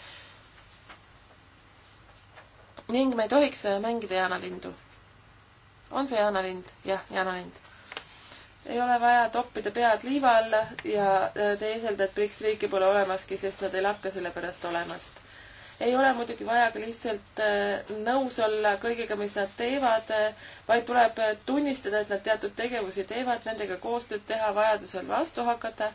ning me ei tohiks äh, mängida jaanalindu. on see jaanalind? jah, jaanalind. ei ole vaja toppida pead liiva alla ja äh, te eeldate, et BRICS riiki pole olemaski, sest nad ei lakka selle pärast olemast ei ole muidugi vaja ka lihtsalt äh, nõus olla kõigega, mis nad teevad, vaid tuleb tunnistada, et nad teatud tegevusi teevad, nendega koostööd teha, vajadusel vastu hakata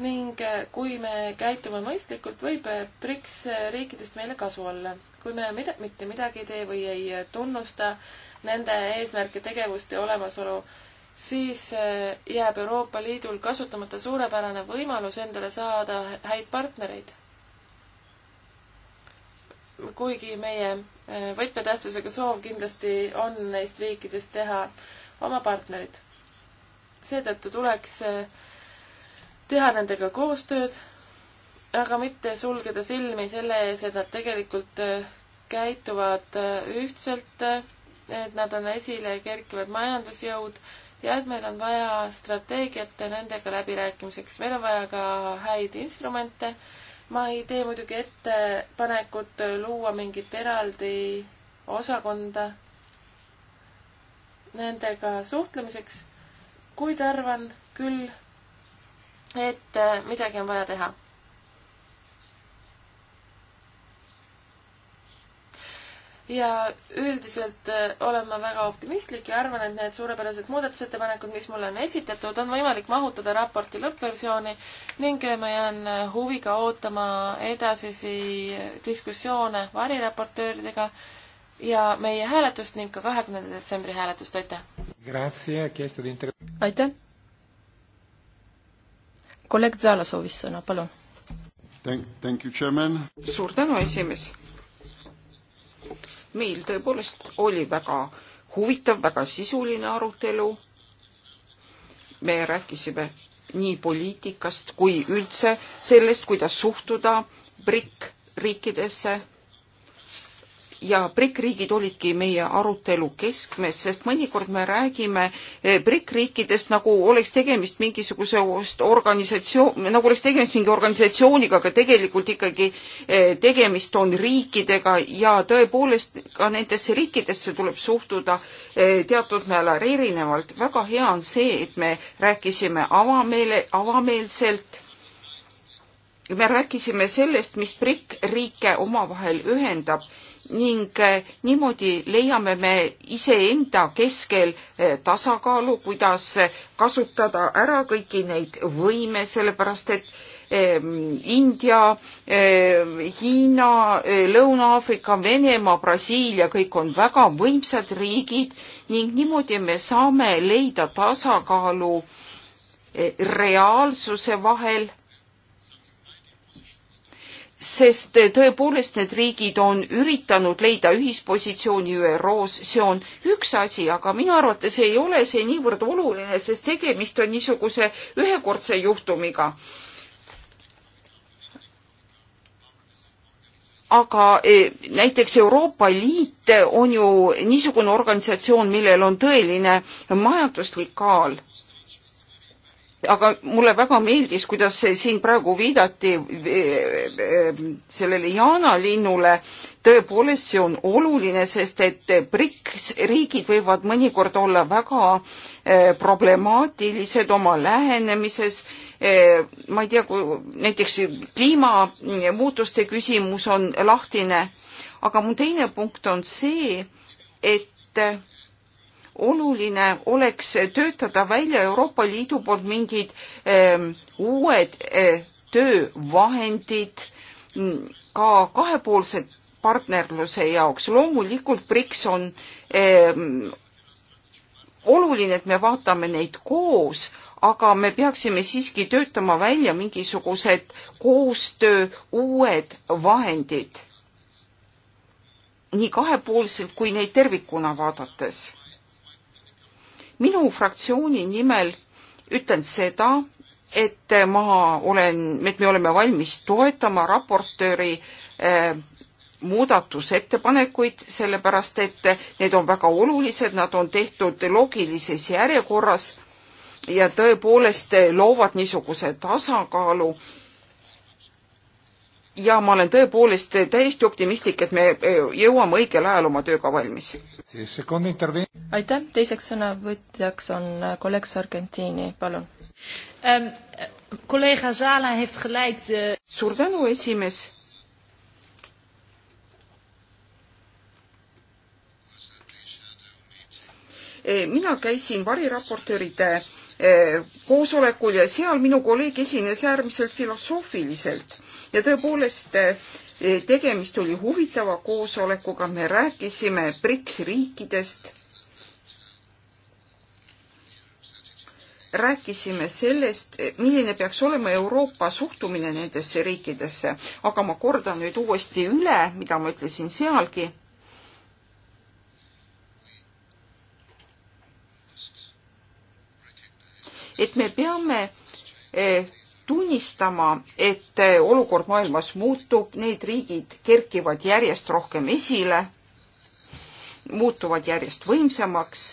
ning eh, kui me käitume mõistlikult, võib eh, BRICS eh, riikidest meile kasu olla. kui me mida, mitte midagi ei tee või ei tunnusta nende eesmärke, tegevust ja olemasolu, siis jääb Euroopa Liidul kasutamata suurepärane võimalus endale saada häid partnereid. kuigi meie võtmetähtsusega soov kindlasti on neist riikidest teha oma partnerid. seetõttu tuleks äh, teha nendega koostööd, aga mitte sulgeda silmi selle ees, et nad tegelikult äh, käituvad äh, ühtselt, äh, et nad on esile kerkivad majandusjõud ja et meil on vaja strateegiat nendega läbirääkimiseks, meil on vaja ka häid instrumente. ma ei tee muidugi ettepanekut luua mingit eraldi osakonda nendega suhtlemiseks, kuid arvan küll, et äh, midagi on vaja teha. ja üldiselt äh, olen ma väga optimistlik ja arvan, et need suurepärased muudatusettepanekud, mis mulle on esitatud, on võimalik mahutada raporti lõppversiooni ning äh, ma jään huviga ootama edasisi diskussioone variraportööridega ja meie hääletust ning ka kahekümnenda detsembri hääletust, aitäh! aitäh! kolleeg Zala soovis sõna, palun. suur tänu, esimees. meil tõepoolest oli väga huvitav, väga sisuline arutelu. me rääkisime nii poliitikast kui üldse sellest, kuidas suhtuda BRIC riikidesse ja BRIC riigid olidki meie arutelu keskmes, sest mõnikord me räägime eh, BRIC riikidest nagu oleks tegemist mingisugusest organisatsioon, nagu oleks tegemist mingi organisatsiooniga, aga tegelikult ikkagi eh, tegemist on riikidega ja tõepoolest ka nendesse riikidesse tuleb suhtuda eh, teatud määral erinevalt. väga hea on see, et me rääkisime avameele, avameelselt me rääkisime sellest, mis BRIC riike omavahel ühendab ning eh, niimoodi leiame me iseenda keskel eh, tasakaalu, kuidas eh, kasutada ära kõiki neid võime, sellepärast et ehm, India, ehm, Hiina, Lõuna-Aafrika, Venemaa, Brasiilia, kõik on väga võimsad riigid ning niimoodi me saame leida tasakaalu reaalsuse vahel sest tõepoolest need riigid on üritanud leida ühispositsiooni ÜRO-s, see on üks asi, aga minu arvates ei ole see niivõrd oluline, sest tegemist on niisuguse ühekordse juhtumiga. aga e, näiteks Euroopa Liit on ju niisugune organisatsioon, millel on tõeline majanduslik kaal aga mulle väga meeldis, kuidas siin praegu viidati eh, eh, sellele Jaana linnule. tõepoolest, see on oluline, sest et BRICS riigid võivad mõnikord olla väga eh, problemaatilised oma lähenemises. ma ei tea, kui näiteks kliimamuutuste küsimus on lahtine, aga mu teine punkt on see, et oluline oleks töötada välja Euroopa Liidu poolt mingid öö, ehm, uued öö, eh, töövahendid mm, ka kahepoolse partnerluse jaoks. loomulikult BRICS on öö, ehm, oluline, et me vaatame neid koos, aga me peaksime siiski töötama välja mingisugused koostöö uued vahendid nii kahepoolselt kui neid tervikuna vaadates minu fraktsiooni nimel ütlen seda, et ma olen, et me oleme valmis toetama raportööri eh, muudatusettepanekuid, sellepärast et need on väga olulised, nad on tehtud loogilises järjekorras ja tõepoolest loovad niisuguse tasakaalu ja ma olen tõepoolest täiesti optimistlik, et me eh, jõuame õigel ajal oma tööga valmis. aitäh, teiseks sõnavõtjaks on eh, kolleeg Sargentini, palun ähm,. kolleeg Zala heeft gelijk de suur tänu, esimees. Eh, mina käisin variraportööride koosolekul ja seal minu kolleeg esines äärmiselt filosoofiliselt ja tõepoolest eh, tegemist oli huvitava koosolekuga, me rääkisime BRICS riikidest. rääkisime sellest, eh, milline peaks olema Euroopa suhtumine nendesse riikidesse, aga ma kordan nüüd uuesti üle, mida ma ütlesin sealgi et me peame eh, tunnistama, et olukord maailmas muutub, need riigid kerkivad järjest rohkem esile, muutuvad järjest võimsamaks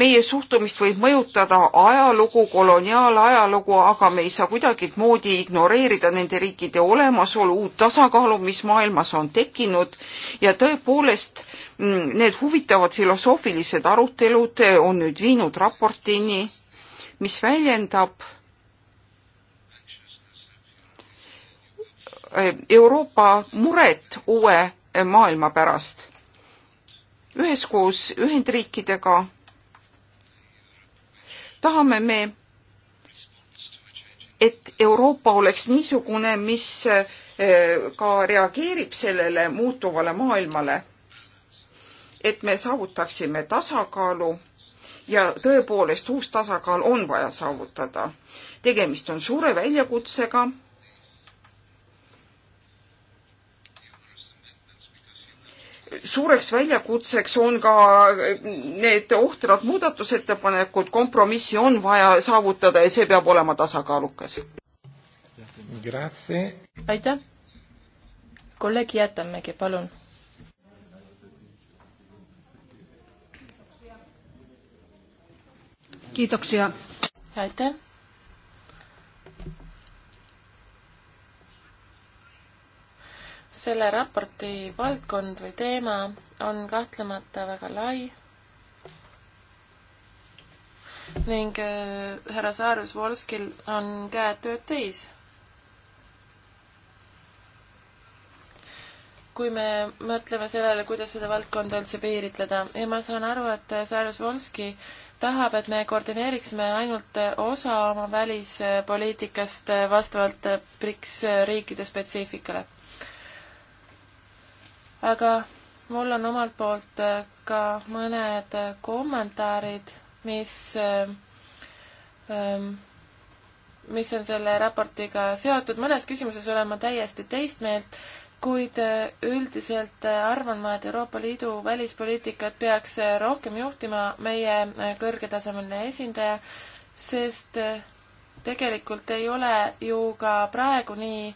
meie suhtumist võib mõjutada ajalugu, koloniaalajalugu, aga me ei saa kuidagimoodi ignoreerida nende riikide olemasolu, uut tasakaalu, mis maailmas on tekkinud ja tõepoolest mm, need huvitavad filosoofilised arutelud on nüüd viinud raportini, mis väljendab eh, Euroopa muret uue maailma pärast. üheskoos Ühendriikidega tahame me, et Euroopa oleks niisugune, mis eh, ka reageerib sellele muutuvale maailmale. et me saavutaksime tasakaalu ja tõepoolest uus tasakaal on vaja saavutada. tegemist on suure väljakutsega suureks väljakutseks on ka need ohtrad muudatusettepanekud, kompromissi on vaja saavutada ja see peab olema tasakaalukas. aitäh. kolleeg Jäätamägi, palun. kiitoksia. aitäh selle raporti valdkond või teema on kahtlemata väga lai ning äh, härra Saarus Volskil on käed tööd täis. kui me mõtleme sellele, kuidas seda valdkonda üldse piiritleda ja ma saan aru, et Saarus Volski tahab, et me koordineeriksime ainult osa oma välispoliitikast vastavalt BRICS riikide spetsiifikale aga mul on omalt poolt äh, ka mõned äh, kommentaarid, mis, äh, ähm, mis on selle raportiga seotud. mõnes küsimuses olen ma täiesti teist meelt, kuid üldiselt arvan ma, et Euroopa Liidu välispoliitikat peaks rohkem juhtima meie kõrgetasemeline esindaja, sest tegelikult ei ole ju ka praegu nii,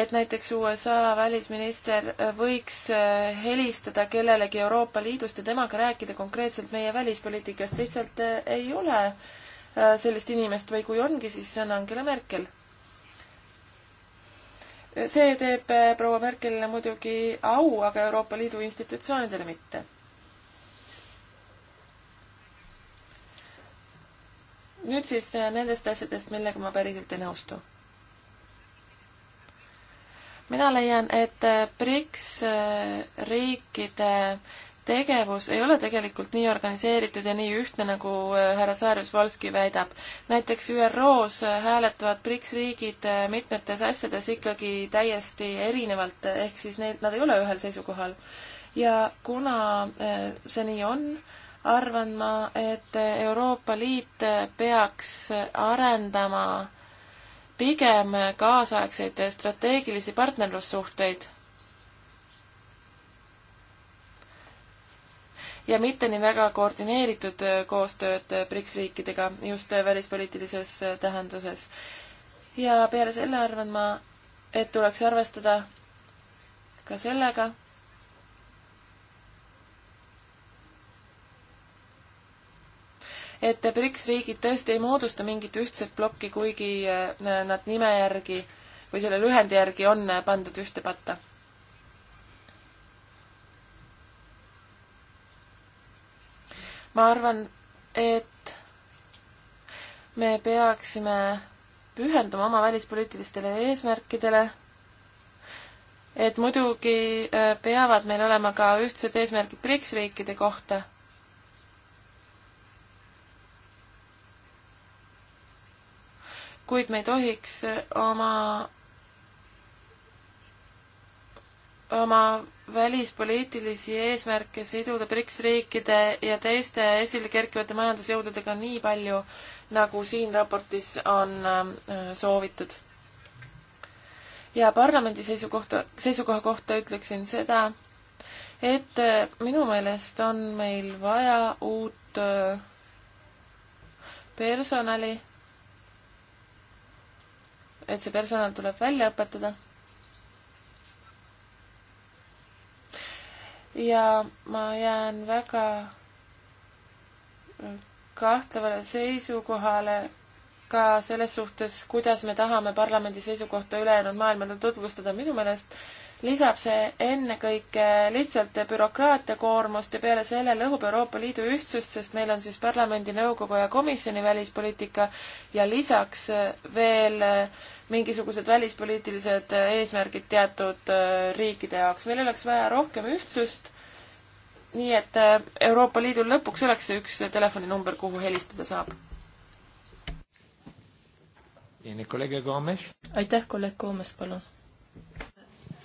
et näiteks USA välisminister võiks eh, helistada kellelegi Euroopa Liidust ja temaga rääkida konkreetselt meie välispoliitikast, lihtsalt eh, ei ole eh, sellist inimest või kui ongi, siis see on Angela Merkel. see teeb proua Merkelile muidugi au, aga Euroopa Liidu institutsioonidele mitte nüüd siis äh, nendest asjadest, millega ma päriselt ei nõustu. mina leian, et äh, BRICS äh, riikide tegevus ei ole tegelikult nii organiseeritud ja nii ühtne, nagu härra Saarjus-Volski väidab. näiteks ÜRO-s hääletavad BRICS riigid mitmetes asjades ikkagi täiesti erinevalt, ehk siis need, nad ei ole ühel seisukohal. ja kuna see nii on, arvan ma, et Euroopa Liit peaks arendama pigem kaasaegseid strateegilisi partnerlussuhteid. ja mitte nii väga koordineeritud koostööd BRICS riikidega just välispoliitilises tähenduses. ja peale selle arvan ma, et tuleks arvestada ka sellega, et BRICS riigid tõesti ei moodusta mingit ühtset plokki, kuigi äh, nad nime järgi või selle lühendi järgi on äh, pandud ühte patta. ma arvan, et me peaksime pühenduma oma välispoliitilistele eesmärkidele et muidugi äh, peavad meil olema ka ühtsed eesmärgid BRICS riikide kohta, kuid me ei tohiks oma, oma välispoliitilisi eesmärke siduda BRICS riikide ja teiste esile kerkivate majandusjõududega nii palju, nagu siin raportis on äh, soovitud. ja parlamendi seisukohta, seisukoha kohta ütleksin seda, et äh, minu meelest on meil vaja uut äh, personali et see personal tuleb välja õpetada. ja ma jään väga kahtlevale seisukohale ka selles suhtes, kuidas me tahame parlamendi seisukohta ülejäänud maailmale tutvustada. minu meelest äh, lisab see ennekõike lihtsalt bürokraatia koormust ja peale selle lõhub Euroopa Liidu ühtsust, sest meil on siis parlamendi, nõukogu ja komisjoni välispoliitika ja lisaks veel mingisugused välispoliitilised eesmärgid teatud riikide jaoks. meil oleks vaja rohkem ühtsust, nii et Euroopa Liidul lõpuks oleks see üks telefoninumber, kuhu helistada saab. aitäh, kolleeg Koomes, palun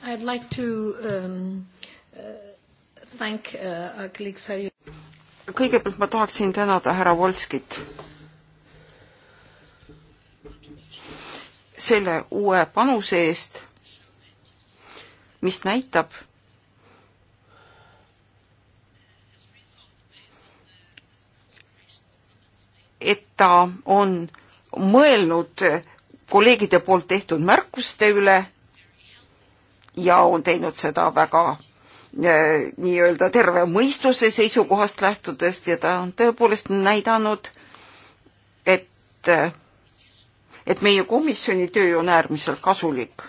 I'd like to um, uh, thank uh, our colleague Sari. kõigepealt ma tahaksin tänada härra Volskit selle uue panuse eest, mis näitab, et ta on mõelnud kolleegide poolt tehtud märkuste üle ja on teinud seda väga eh, nii-öelda terve mõistuse seisukohast lähtudes ja ta on tõepoolest näidanud, et, eh, et meie komisjoni töö on äärmiselt kasulik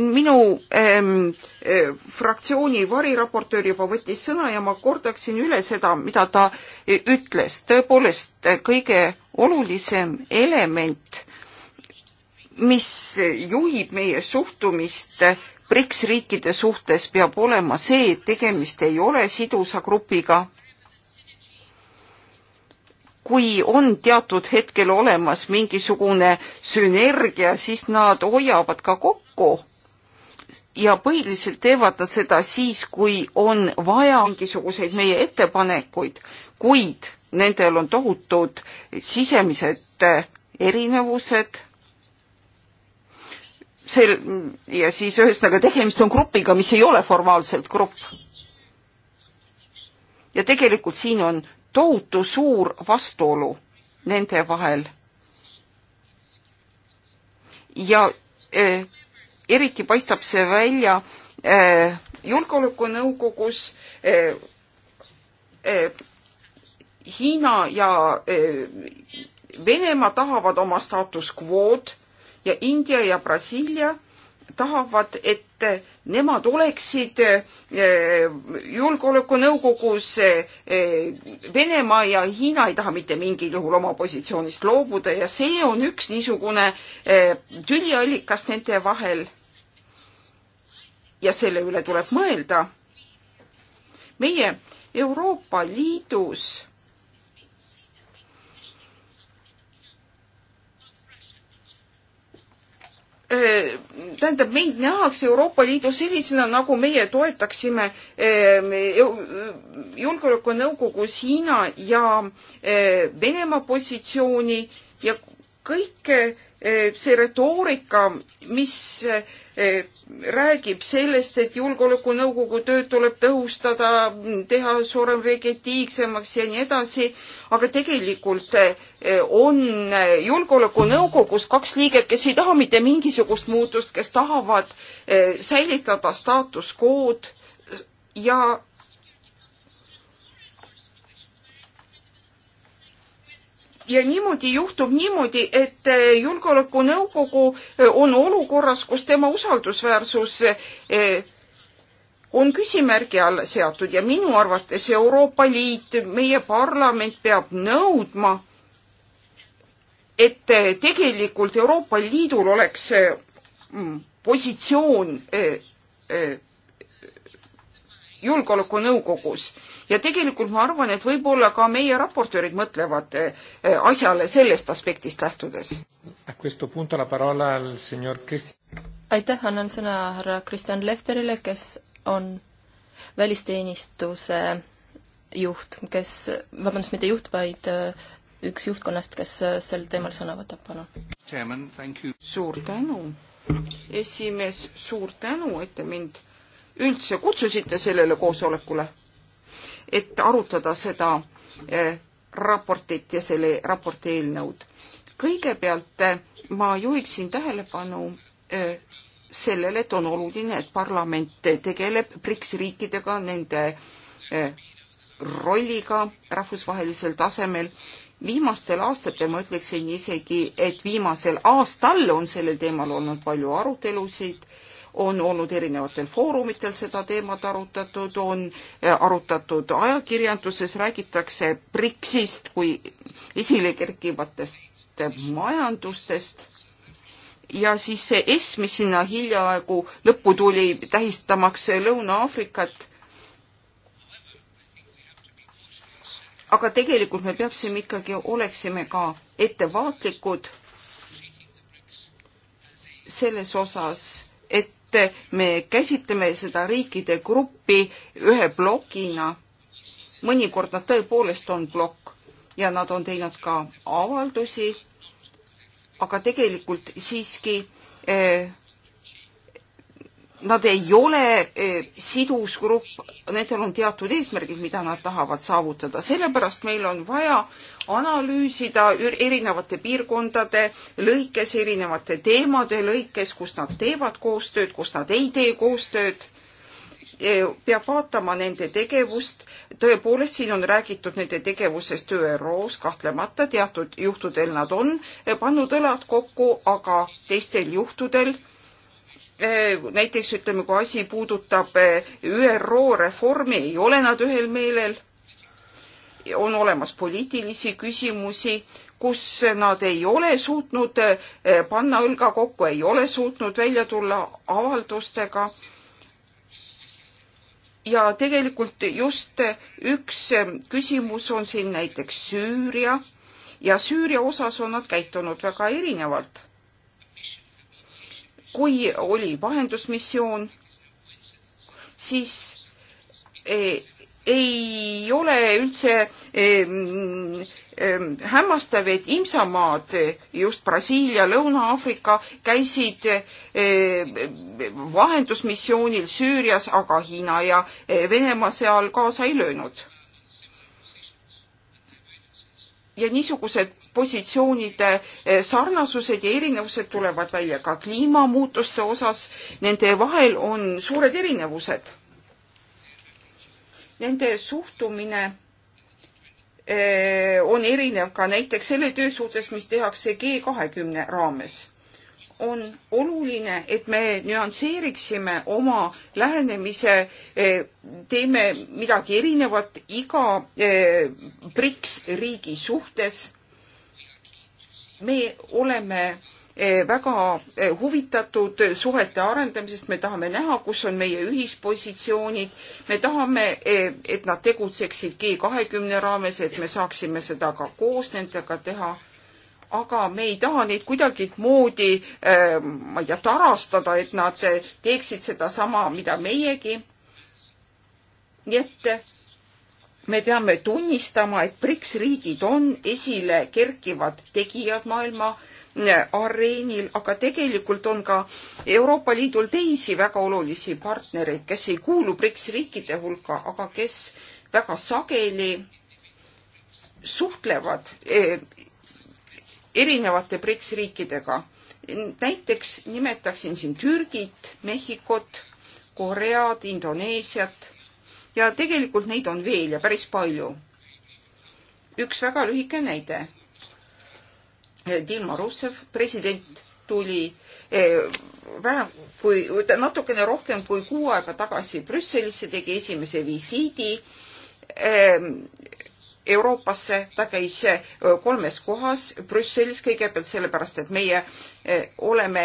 minu ähm, äh, fraktsiooni variraportöör juba võttis sõna ja ma kordaksin üle seda, mida ta äh, ütles. tõepoolest kõige olulisem element, mis juhib meie suhtumist BRICS riikide suhtes, peab olema see, et tegemist ei ole sidusa grupiga. kui on teatud hetkel olemas mingisugune sünergia, siis nad hoiavad ka kokku ja põhiliselt teevad nad seda siis, kui on vaja mingisuguseid meie ettepanekuid, kuid nendel on tohutud sisemised äh, erinevused. sel ja siis ühesõnaga tegemist on grupiga, mis ei ole formaalselt grupp. ja tegelikult siin on tohutu suur vastuolu nende vahel. ja äh, eriti paistab see välja eh, julgeolekunõukogus eh, eh, Hiina ja Venemaa tahavad oma staatus quo'd ja India ja Brasiilia tahavad, et et nemad oleksid eh, julgeolekunõukogus. Eh, Venemaa ja Hiina ei taha mitte mingil juhul oma positsioonist loobuda ja see on üks niisugune eh, tüliallikas nende vahel. ja selle üle tuleb mõelda. meie Euroopa Liidus tähendab, meid nähakse Euroopa Liidu sellisena, nagu meie toetaksime ehm, julgeolekunõukogus Hiina ja ehm, Venemaa positsiooni ja kõik ehm, see retoorika, mis räägib sellest, et Julgeolekunõukogu tööd tuleb tõhustada, teha suurem regetiivsemaks ja nii edasi, aga tegelikult eh, on Julgeolekunõukogus kaks liiget, kes ei taha mitte mingisugust muutust, kes tahavad eh, säilitada staatus quo'd ja ja niimoodi juhtub niimoodi, et eh, Julgeolekunõukogu eh, on olukorras, kus tema usaldusväärsus eh, on küsimärgi alla seatud ja minu arvates Euroopa Liit, meie parlament peab nõudma, et tegelikult Euroopa Liidul oleks positsioon julgeolekunõukogus ja tegelikult ma arvan, et võib-olla ka meie raportöörid mõtlevad eh, asjale sellest aspektist lähtudes. aitäh, annan sõna härra Kristjan Lefterile, kes on välisteenistuse juht, kes, vabandust, mitte juht, vaid eh, üks juhtkonnast, kes eh, sel teemal sõna võtab, palun. suur tänu, esimees, suur tänu, et te mind üldse kutsusite sellele koosolekule, et arutada seda eh, raportit ja selle raporti eelnõud. kõigepealt eh, ma juhiksin tähelepanu eh, sellele, et on oluline, et parlament tegeleb BRICS riikidega, nende rolliga rahvusvahelisel tasemel. viimastel aastatel ma ütleksin isegi, et viimasel aastal on sellel teemal olnud palju arutelusid on olnud erinevatel foorumitel seda teemat arutatud, on eh, arutatud ajakirjanduses, räägitakse BRICS-ist kui esile kerkivatest majandustest ja siis see S, mis sinna hiljaaegu lõppu tuli, tähistamaks Lõuna-Aafrikat aga tegelikult me peaksime ikkagi, oleksime ka ettevaatlikud selles osas, et me käsitleme seda riikide gruppi ühe plokina. mõnikord nad tõepoolest on plokk ja nad on teinud ka avaldusi, aga tegelikult siiski eh, nad ei ole eh, sidus grupp, nendel on teatud eesmärgid, mida nad tahavad saavutada, sellepärast meil on vaja analüüsida erinevate piirkondade lõikes, erinevate teemade lõikes, kus nad teevad koostööd, kus nad ei tee koostööd eh, peab vaatama nende tegevust, tõepoolest siin on räägitud nende tegevusest ÜRO-s kahtlemata, teatud juhtudel nad on eh, pannud õlad kokku, aga teistel juhtudel Äh, näiteks ütleme, kui asi puudutab äh, ÜRO reformi, ei ole nad ühel meelel. on olemas poliitilisi küsimusi, kus nad ei ole suutnud äh, panna õlga kokku, ei ole suutnud välja tulla avaldustega. ja tegelikult just üks küsimus on siin näiteks Süüria ja Süüria osas on nad käitunud väga erinevalt kui oli vahendusmissioon, siis eh, ei ole üldse eh, mm, eh, hämmastav, et imsamaad, just Brasiilia, Lõuna-Aafrika käisid vahendusmissioonil Süürias, aga Hiina ja Venemaa seal kaasa ei löönud. ja niisugused positsioonide eh, sarnasused ja erinevused tulevad välja ka kliimamuutuste osas. Nende vahel on suured erinevused. Nende suhtumine eh, on erinev ka näiteks selle töö suhtes, mis tehakse G kahekümne raames. on oluline, et me nüansseeriksime oma lähenemise, eh, teeme midagi erinevat iga BRICS riigi suhtes me oleme eh, väga eh, huvitatud suhete arendamisest, me tahame näha, kus on meie ühispositsioonid, me tahame, eh, et nad tegutseksid G kahekümne raames, et me saaksime seda ka koos nendega teha. aga me ei taha neid kuidagimoodi, ma ei tea, tarastada, et nad teeksid sedasama, mida meiegi. nii et me peame tunnistama, et BRICS riigid on esile kerkivad tegijad maailma äh, areenil, aga tegelikult on ka Euroopa Liidul teisi väga olulisi partnereid, kes ei kuulu BRICS riikide hulka, aga kes väga sageli suhtlevad äh, erinevate BRICS riikidega. näiteks nimetaksin siin Türgit, Mehhikot, Koread, Indoneesiat ja tegelikult neid on veel ja päris palju. üks väga lühike näide. Eh, Dilma Russev, president, tuli eh, vähem kui, natukene rohkem kui kuu aega tagasi Brüsselisse, tegi esimese visiidi eh, Euroopasse, ta käis kolmes kohas, Brüsselis kõigepealt sellepärast, et meie oleme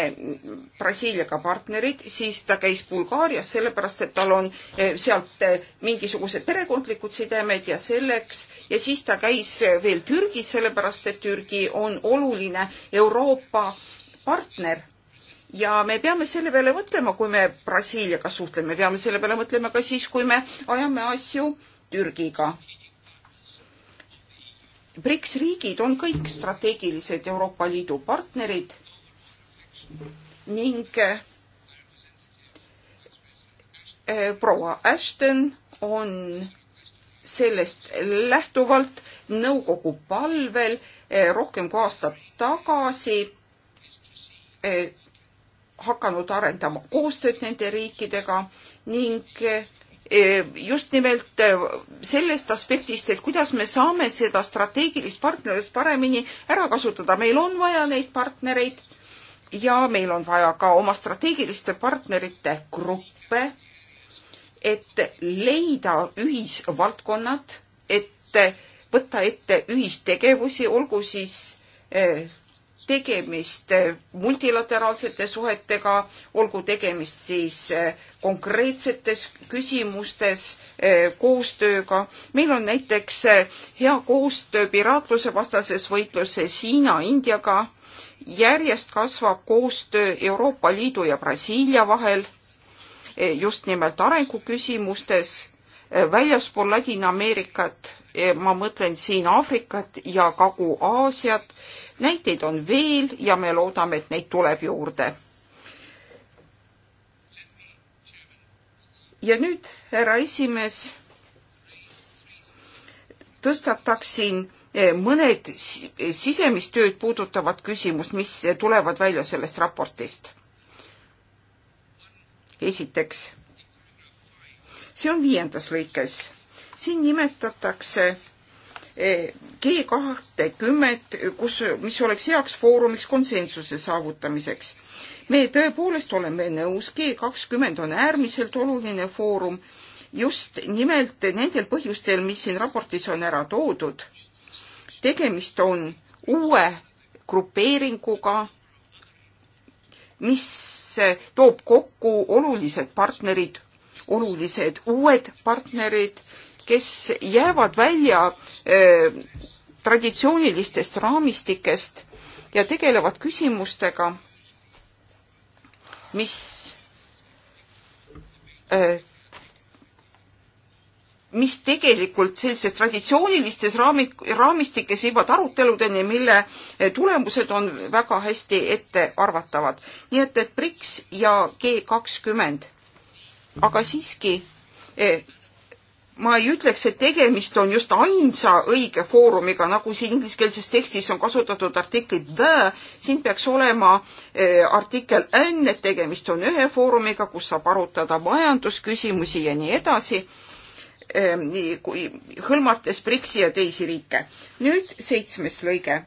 Brasiiliaga partnerid, siis ta käis Bulgaarias sellepärast, et tal on sealt mingisugused perekondlikud sidemed ja selleks ja siis ta käis veel Türgis, sellepärast et Türgi on oluline Euroopa partner ja me peame selle peale mõtlema, kui me Brasiiliaga suhtleme, peame selle peale mõtlema ka siis, kui me ajame asju Türgiga BRICS riigid on kõik strateegilised Euroopa Liidu partnerid ning eh, eh, proua Ashton on sellest lähtuvalt nõukogu palvel eh, rohkem kui aasta tagasi hakanud arendama koostööd nende riikidega ning Eh, just nimelt eh, sellest aspektist, et kuidas me saame seda strateegilist partnerlust paremini ära kasutada. meil on vaja neid partnereid ja meil on vaja ka oma strateegiliste partnerite gruppe, et leida ühisvaldkonnad, et võtta ette ühistegevusi, olgu siis eh, tegemist multilateraalsete suhetega, olgu tegemist siis eh, konkreetsetes küsimustes eh, koostööga. meil on näiteks eh, hea koostöö piraatluse vastases võitluses Hiina-Indiaga, järjest kasvab koostöö Euroopa Liidu ja Brasiilia vahel just nimelt arenguküsimustes väljaspool Ladina-Ameerikat Eh, ma mõtlen siin Aafrikat ja Kagu-Aasiat. näiteid on veel ja me loodame, et neid tuleb juurde. ja nüüd, härra esimees, tõstataksin eh, mõned sisemist tööd puudutavad küsimust, mis tulevad välja sellest raportist. esiteks, see on viiendas lõikes siin nimetatakse eh, G kahtekümmet, kus, mis oleks heaks foorumiks konsensuse saavutamiseks. me tõepoolest oleme nõus, G kakskümmend on äärmiselt oluline foorum just nimelt nendel põhjustel, mis siin raportis on ära toodud. tegemist on uue grupeeringuga, mis eh, toob kokku olulised partnerid, olulised uued partnerid kes jäävad välja traditsioonilistest raamistikest ja tegelevad küsimustega, mis mis tegelikult sellistes traditsioonilistes raami, raamistikes viivad aruteludeni, mille tulemused on väga hästi ettearvatavad. nii et, et BRICS ja G kakskümmend. aga siiski ma ei ütleks, et tegemist on just ainsa õige foorumiga, nagu siin ingliskeelses tekstis on kasutatud artiklit the, siin peaks olema eh, artikkel n, et tegemist on ühe foorumiga, kus saab arutada majandusküsimusi ja nii edasi eh, nii kui hõlmates BRICS-i ja teisi riike. nüüd seitsmes lõige.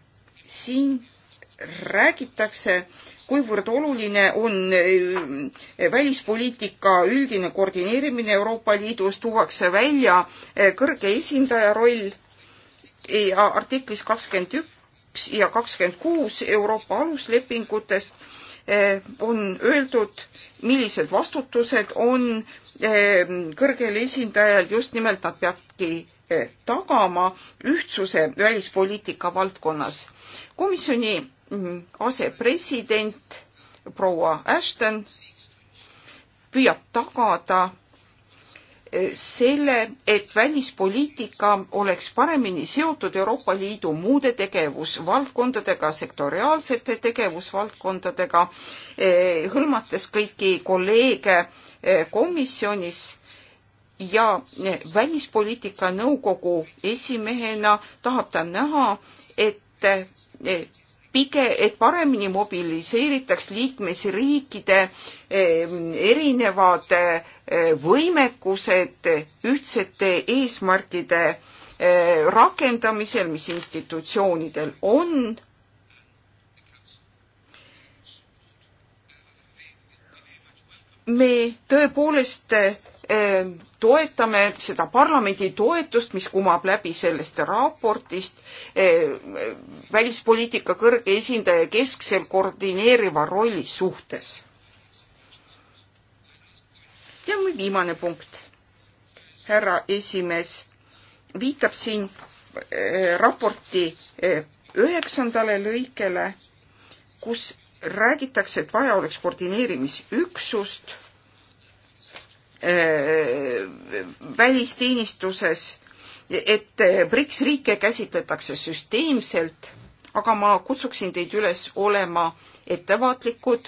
siin räägitakse kuivõrd oluline on eh, välispoliitika üldine koordineerimine Euroopa Liidus, tuuakse välja eh, kõrge esindaja roll ja artiklis kakskümmend üks ja kakskümmend kuus Euroopa aluslepingutest eh, on öeldud, millised vastutused on kõrgel esindajal, just nimelt nad peavadki tagama ühtsuse välispoliitika valdkonnas. komisjoni asepresident proua Ashton püüab tagada eh, selle, et välispoliitika oleks paremini seotud Euroopa Liidu muude tegevusvaldkondadega, sektoriaalsete tegevusvaldkondadega, eh, hõlmates kõiki kolleege eh, komisjonis ja Välispoliitika Nõukogu esimehena tahab ta näha, et pige-, et paremini mobiliseeritaks liikmesriikide eh, erinevad eh, võimekused ühtsete eesmärkide eh, rakendamisel, mis institutsioonidel on. me tõepoolest Äh, toetame seda parlamendi toetust, mis kumab läbi sellest raportist äh, välispoliitika kõrge esindaja kesksel koordineeriva rolli suhtes. ja mu viimane punkt, härra esimees, viitab siin äh, raporti üheksandale lõikele, kus räägitakse, et vaja oleks koordineerimisüksust Äh, välisteenistuses, et äh, BRICS riike käsitletakse süsteemselt, aga ma kutsuksin teid üles olema ettevaatlikud.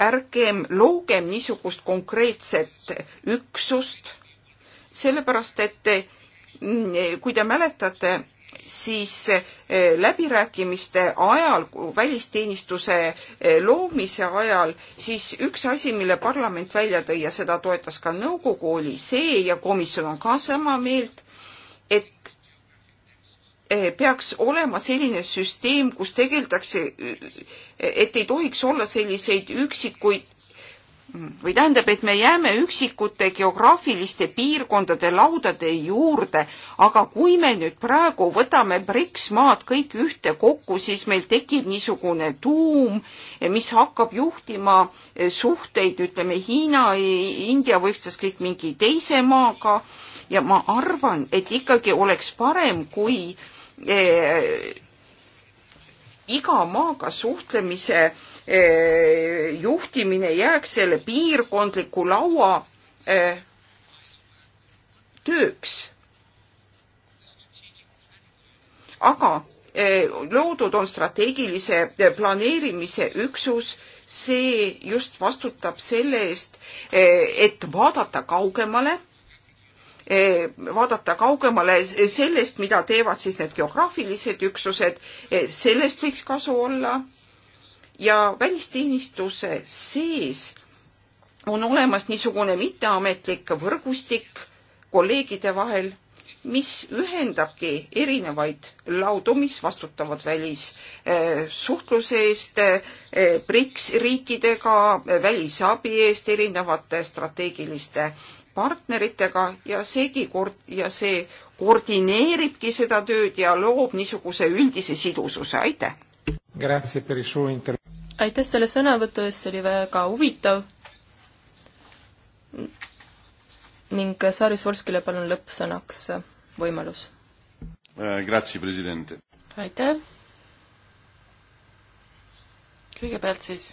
ärgem loogem niisugust konkreetset üksust, sellepärast et mm, kui te mäletate, siis eh, läbirääkimiste ajal, välisteenistuse eh, loomise ajal, siis üks asi, mille parlament välja tõi ja seda toetas ka nõukogu, oli see ja komisjon on ka sama meelt, et eh, peaks olema selline süsteem, kus tegeldakse, et ei tohiks olla selliseid üksikuid või tähendab, et me jääme üksikute geograafiliste piirkondade laudade juurde, aga kui me nüüd praegu võtame BRICS maad kõik ühte kokku, siis meil tekib niisugune tuum, mis hakkab juhtima eh, suhteid, ütleme Hiina, India või ükstaskõik mingi teise maaga ja ma arvan, et ikkagi oleks parem, kui eh, iga maaga suhtlemise eh, Eh, juhtimine jääks selle piirkondliku laua eh, tööks. aga eh, loodud on strateegilise planeerimise üksus, see just vastutab selle eest, et vaadata kaugemale vaadata kaugemale sellest, mida teevad siis need geograafilised üksused, sellest võiks kasu olla ja välisteenistuse sees on olemas niisugune mitteametlik võrgustik kolleegide vahel, mis ühendabki erinevaid laudu, mis vastutavad välissuhtluse eh, eest, eh, BRICS riikidega, välisabi eest, erinevate strateegiliste partneritega ja seegi kord- ja see koordineeribki seda tööd ja loob niisuguse üldise sidususe, aitäh! aitäh selle sõnavõtu eest, see oli väga huvitav. ning Sarjus Volskile palun lõppsõnaks võimalus. Eh, aitäh. kõigepealt siis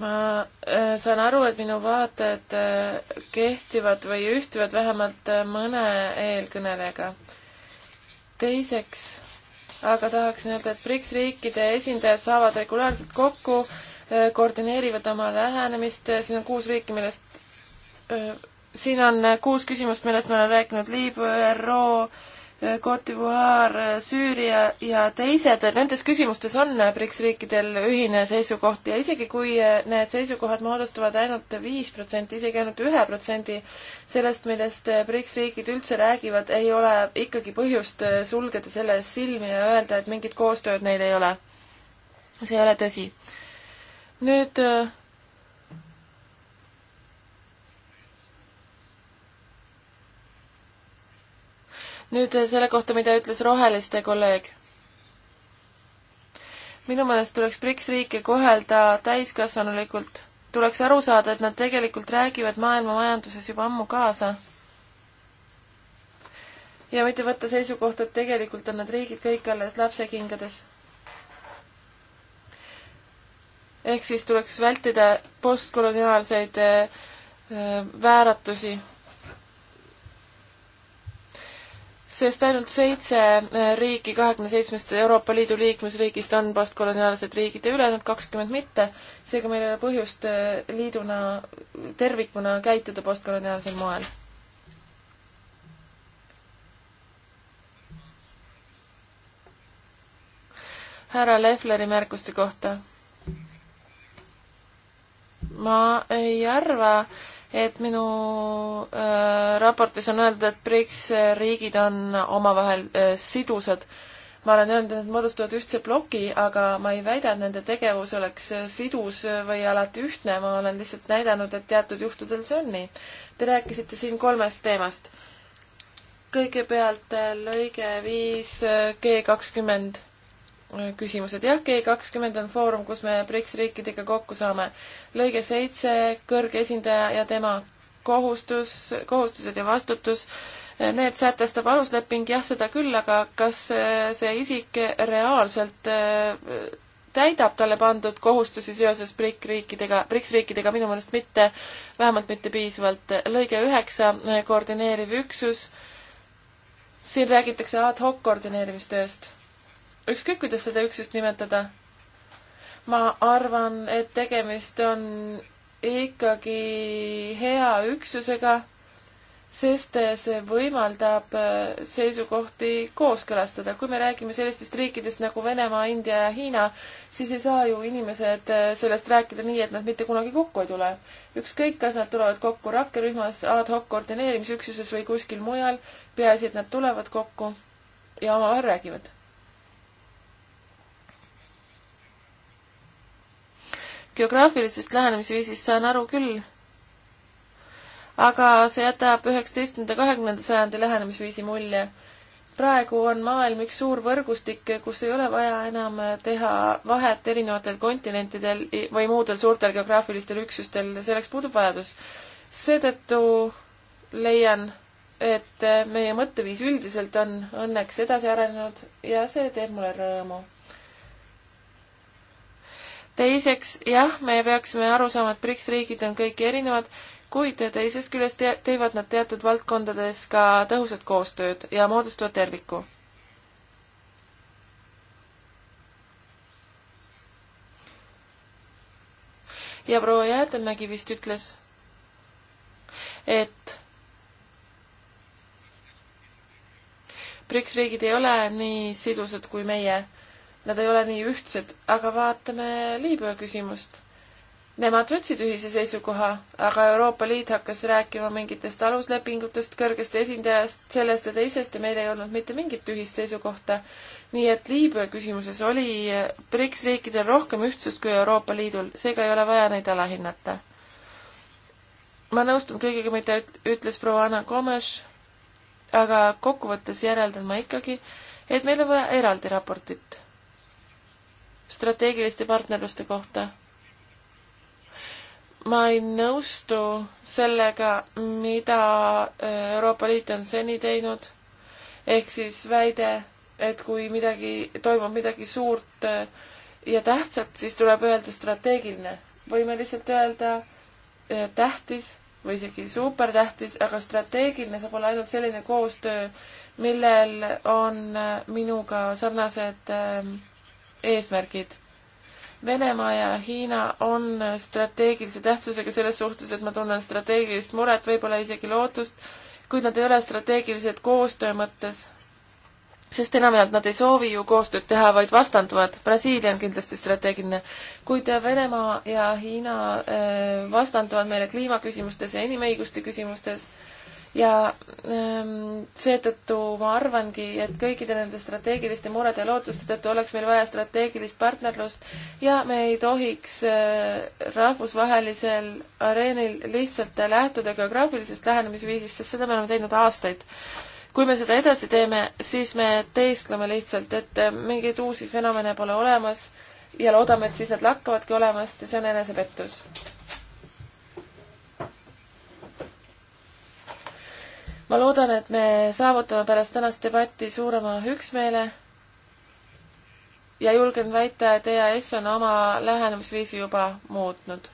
ma äh, saan aru, et minu vaated äh, kehtivad või ühtivad vähemalt äh, mõne eelkõnelejaga. teiseks aga tahaksin öelda, et BRICS riikide esindajad saavad regulaarselt kokku, koordineerivad oma lähenemist, siin on kuus riiki, millest, siin on kuus küsimust, millest ma olen rääkinud, Liibüa, ÜRO, Cote d'Ivoire, Süüria ja teised, nendes küsimustes on BRICS riikidel ühine seisukoht ja isegi kui eh, need seisukohad moodustavad ainult viis protsenti, isegi ainult ühe protsendi sellest, millest eh, BRICS riigid üldse räägivad, ei ole ikkagi põhjust eh, sulgeda selle ees silmi ja öelda, et mingit koostööd neil ei ole. see ei ole tõsi. nüüd nüüd eh, selle kohta, mida ütles Roheliste kolleeg. minu meelest tuleks BRICS riike kohelda täiskasvanulikult. tuleks aru saada, et nad tegelikult räägivad maailma majanduses juba ammu kaasa. ja mitte võtta seisukohta, et tegelikult on need riigid kõik alles lapsekingades ehk siis tuleks vältida postkoloniaalseid eh, eh, vääratusi sest ainult seitse äh, riiki kahekümne seitsmest Euroopa Liidu liikmesriigist on postkoloniaalsed riigid ja ülejäänud kakskümmend mitte. seega meil ei ole põhjust äh, liiduna tervikuna käituda postkoloniaalsel moel härra Lefleri märkuste kohta. ma ei arva, et minu äh, raportis on öeldud, et BRICS riigid on omavahel äh, sidusad. ma olen öelnud, et nad moodustavad ühtse ploki, aga ma ei väida, et nende tegevus oleks äh, sidus või alati ühtne, ma olen lihtsalt näidanud, et teatud juhtudel see on nii. Te rääkisite siin kolmest teemast. kõigepealt äh, lõige viis äh, G kakskümmend küsimused. jah, G kakskümmend on foorum, kus me BRICS riikidega kokku saame. lõige seitse, kõrge esindaja ja tema kohustus, kohustused ja vastutus, need sätestab alusleping, jah, seda küll, aga kas äh, see isik reaalselt äh, täidab talle pandud kohustusi seoses BRIC riikidega, BRICS riikidega minu meelest mitte, vähemalt mitte piisavalt. lõige üheksa, koordineeriv üksus, siin räägitakse ad hoc koordineerimistööst ükskõik, kuidas seda üksust nimetada. ma arvan, et tegemist on ikkagi hea üksusega, sest see võimaldab äh, seisukohti kooskõlastada. kui me räägime sellistest riikidest nagu Venemaa, India ja Hiina, siis ei saa ju inimesed äh, sellest rääkida nii, et nad mitte kunagi kokku ei tule. ükskõik, kas nad tulevad kokku rakkerühmas, ad hoc koordineerimisüksuses või kuskil mujal, peaasi, et nad tulevad kokku ja omavahel räägivad geograafilisest lähenemisviisist saan aru küll, aga see jätab üheksateistkümnenda, kahekümnenda sajandi lähenemisviisi mulje. praegu on maailm üks suur võrgustik, kus ei ole vaja enam teha vahet erinevatel kontinentidel või muudel suurtel geograafilistel üksustel, selleks puudub vajadus. seetõttu leian, et meie mõtteviis üldiselt on õnneks edasi arenenud ja see teeb mulle rõõmu teiseks, jah, me peaksime aru saama, et BRICS riigid on kõik erinevad, kuid teisest küljest te teevad nad teatud valdkondades ka tõhusat koostööd ja moodustavad terviku. ja proua Jäätemägi vist ütles, et BRICS riigid ei ole nii sidusad kui meie nad ei ole nii ühtsed, aga vaatame Liibüa küsimust. Nemad võtsid ühise seisukoha, aga Euroopa Liit hakkas rääkima mingitest aluslepingutest, kõrgest esindajast, sellest ja teisest ja meil ei olnud mitte mingit ühist seisukohta. nii et Liibüa küsimuses oli BRICS riikidel rohkem ühtsust kui Euroopa Liidul, seega ei ole vaja neid alahinnata. ma nõustun kõigiga, mida ütles proua Anna Komes, aga kokkuvõttes järeldan ma ikkagi, et meil on vaja eraldi raportit strateegiliste partnerluste kohta. ma ei nõustu sellega, mida äh, Euroopa Liit on seni teinud, ehk siis väide, et kui midagi, toimub midagi suurt äh, ja tähtsat, siis tuleb öelda strateegiline. võime lihtsalt öelda äh, tähtis või isegi supertähtis, aga strateegiline saab olla ainult selline koostöö, millel on minuga sarnased äh, eesmärgid. Venemaa ja Hiina on strateegilise tähtsusega selles suhtes, et ma tunnen strateegilist muret, võib-olla isegi lootust, kuid nad ei ole strateegilised koostöö mõttes, sest enamjaolt nad ei soovi ju koostööd teha, vaid vastanduvad. Brasiilia on kindlasti strateegiline, kuid Venemaa ja Hiina eh, vastanduvad meile kliimaküsimustes ja inimõiguste küsimustes, ja ehm, seetõttu ma arvangi, et kõikide nende strateegiliste murede ja lootuste tõttu oleks meil vaja strateegilist partnerlust ja me ei tohiks eh, rahvusvahelisel areenil lihtsalt lähtuda geograafilisest lähenemisviisist, sest seda me oleme teinud aastaid. kui me seda edasi teeme, siis me teeskleme lihtsalt, et eh, mingeid uusi fenomene pole olemas ja loodame, et siis nad lakkavadki olemast ja see on enesepettus ma loodan, et me saavutame pärast tänast debatti suurema üksmeele ja julgen väita, et EAS on oma lähenemisviisi juba muutnud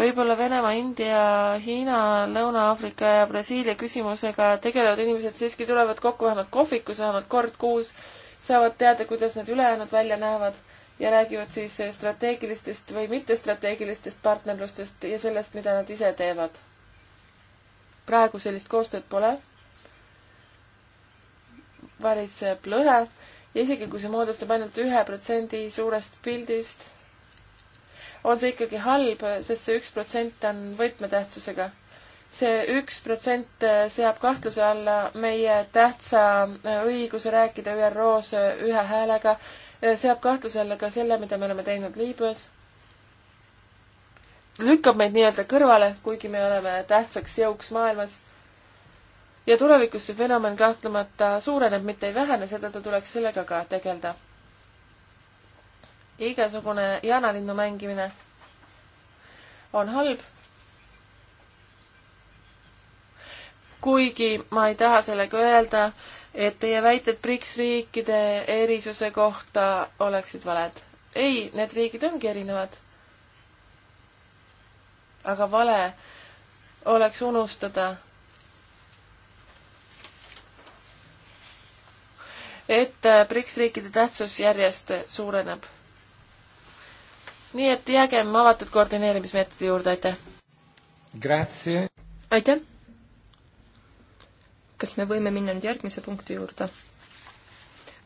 võib-olla Venemaa, India, Hiina, Lõuna-Aafrika ja Brasiilia küsimusega tegelevad inimesed siiski tulevad kokku vähemalt kohvikus vähemalt kord kuus, saavad teada, kuidas nad ülejäänud välja näevad ja räägivad siis strateegilistest või mittestrateegilistest partnerlustest ja sellest, mida nad ise teevad. praegu sellist koostööd pole. valitseb lõhe ja isegi kui see moodustab ainult ühe protsendi suurest pildist, on see ikkagi halb, sest see üks protsent on võtmetähtsusega see üks protsent seab kahtluse alla meie tähtsa õiguse rääkida ÜRO-s ühe häälega Eh, seab kahtluse alla ka selle, mida me oleme teinud Liibüas, lükkab meid nii-öelda kõrvale, kuigi me oleme tähtsaks jõuks maailmas. ja tulevikus see fenomen kahtlemata suureneb, mitte ei vähene, seetõttu tuleks sellega ka tegeleda. igasugune jaanalinnu mängimine on halb. kuigi ma ei taha sellega öelda, et teie väited BRICS riikide erisuse kohta oleksid valed. ei, need riigid ongi erinevad. aga vale oleks unustada, et BRICS riikide tähtsus järjest suureneb. nii et jäägem avatud koordineerimismeetodi juurde, aitäh! aitäh! kas me võime minna nüüd järgmise punkti juurde?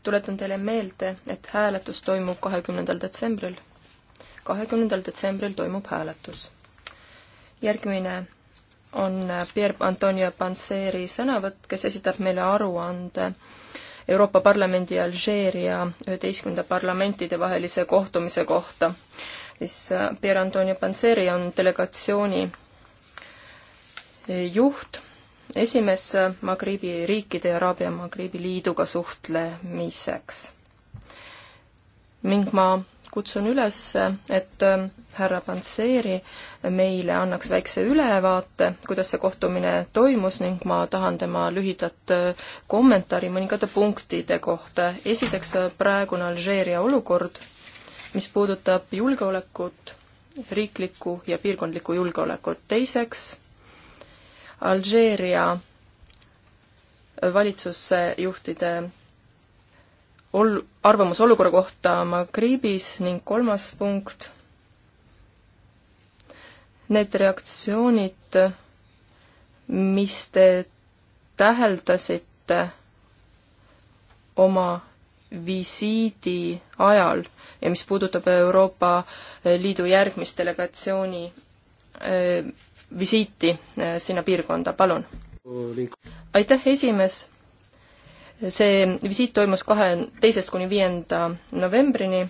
tuletan teile meelde, et hääletus toimub kahekümnendal detsembril. kahekümnendal detsembril toimub hääletus. järgmine on Pierre Antonio Panseri sõnavõtt, kes esitab meile aruande Euroopa Parlamendi ja Alžeeria üheteistkümnenda parlamentide vahelise kohtumise kohta. siis äh, Pierre Antonio Panseri on delegatsiooni juht esimees Magribi riikide ja Araabia Magribi liiduga suhtlemiseks. ning ma kutsun üles, et äh, härra Panseri meile annaks väikse ülevaate, kuidas see kohtumine toimus ning ma tahan tema lühidat äh, kommentaari mõningate punktide kohta. esiteks äh, praegune Alžeeria olukord, mis puudutab julgeolekut, riiklikku ja piirkondlikku julgeolekut. teiseks Alžeeria valitsusjuhtide ol-, arvamus olukorra kohta Maghribis ning kolmas punkt, need reaktsioonid, mis te täheldasite oma visiidi ajal ja mis puudutab Euroopa Liidu järgmist delegatsiooni visiiti äh, sinna piirkonda, palun? aitäh, esimees! see visiit toimus kahe, teisest kuni viienda novembrini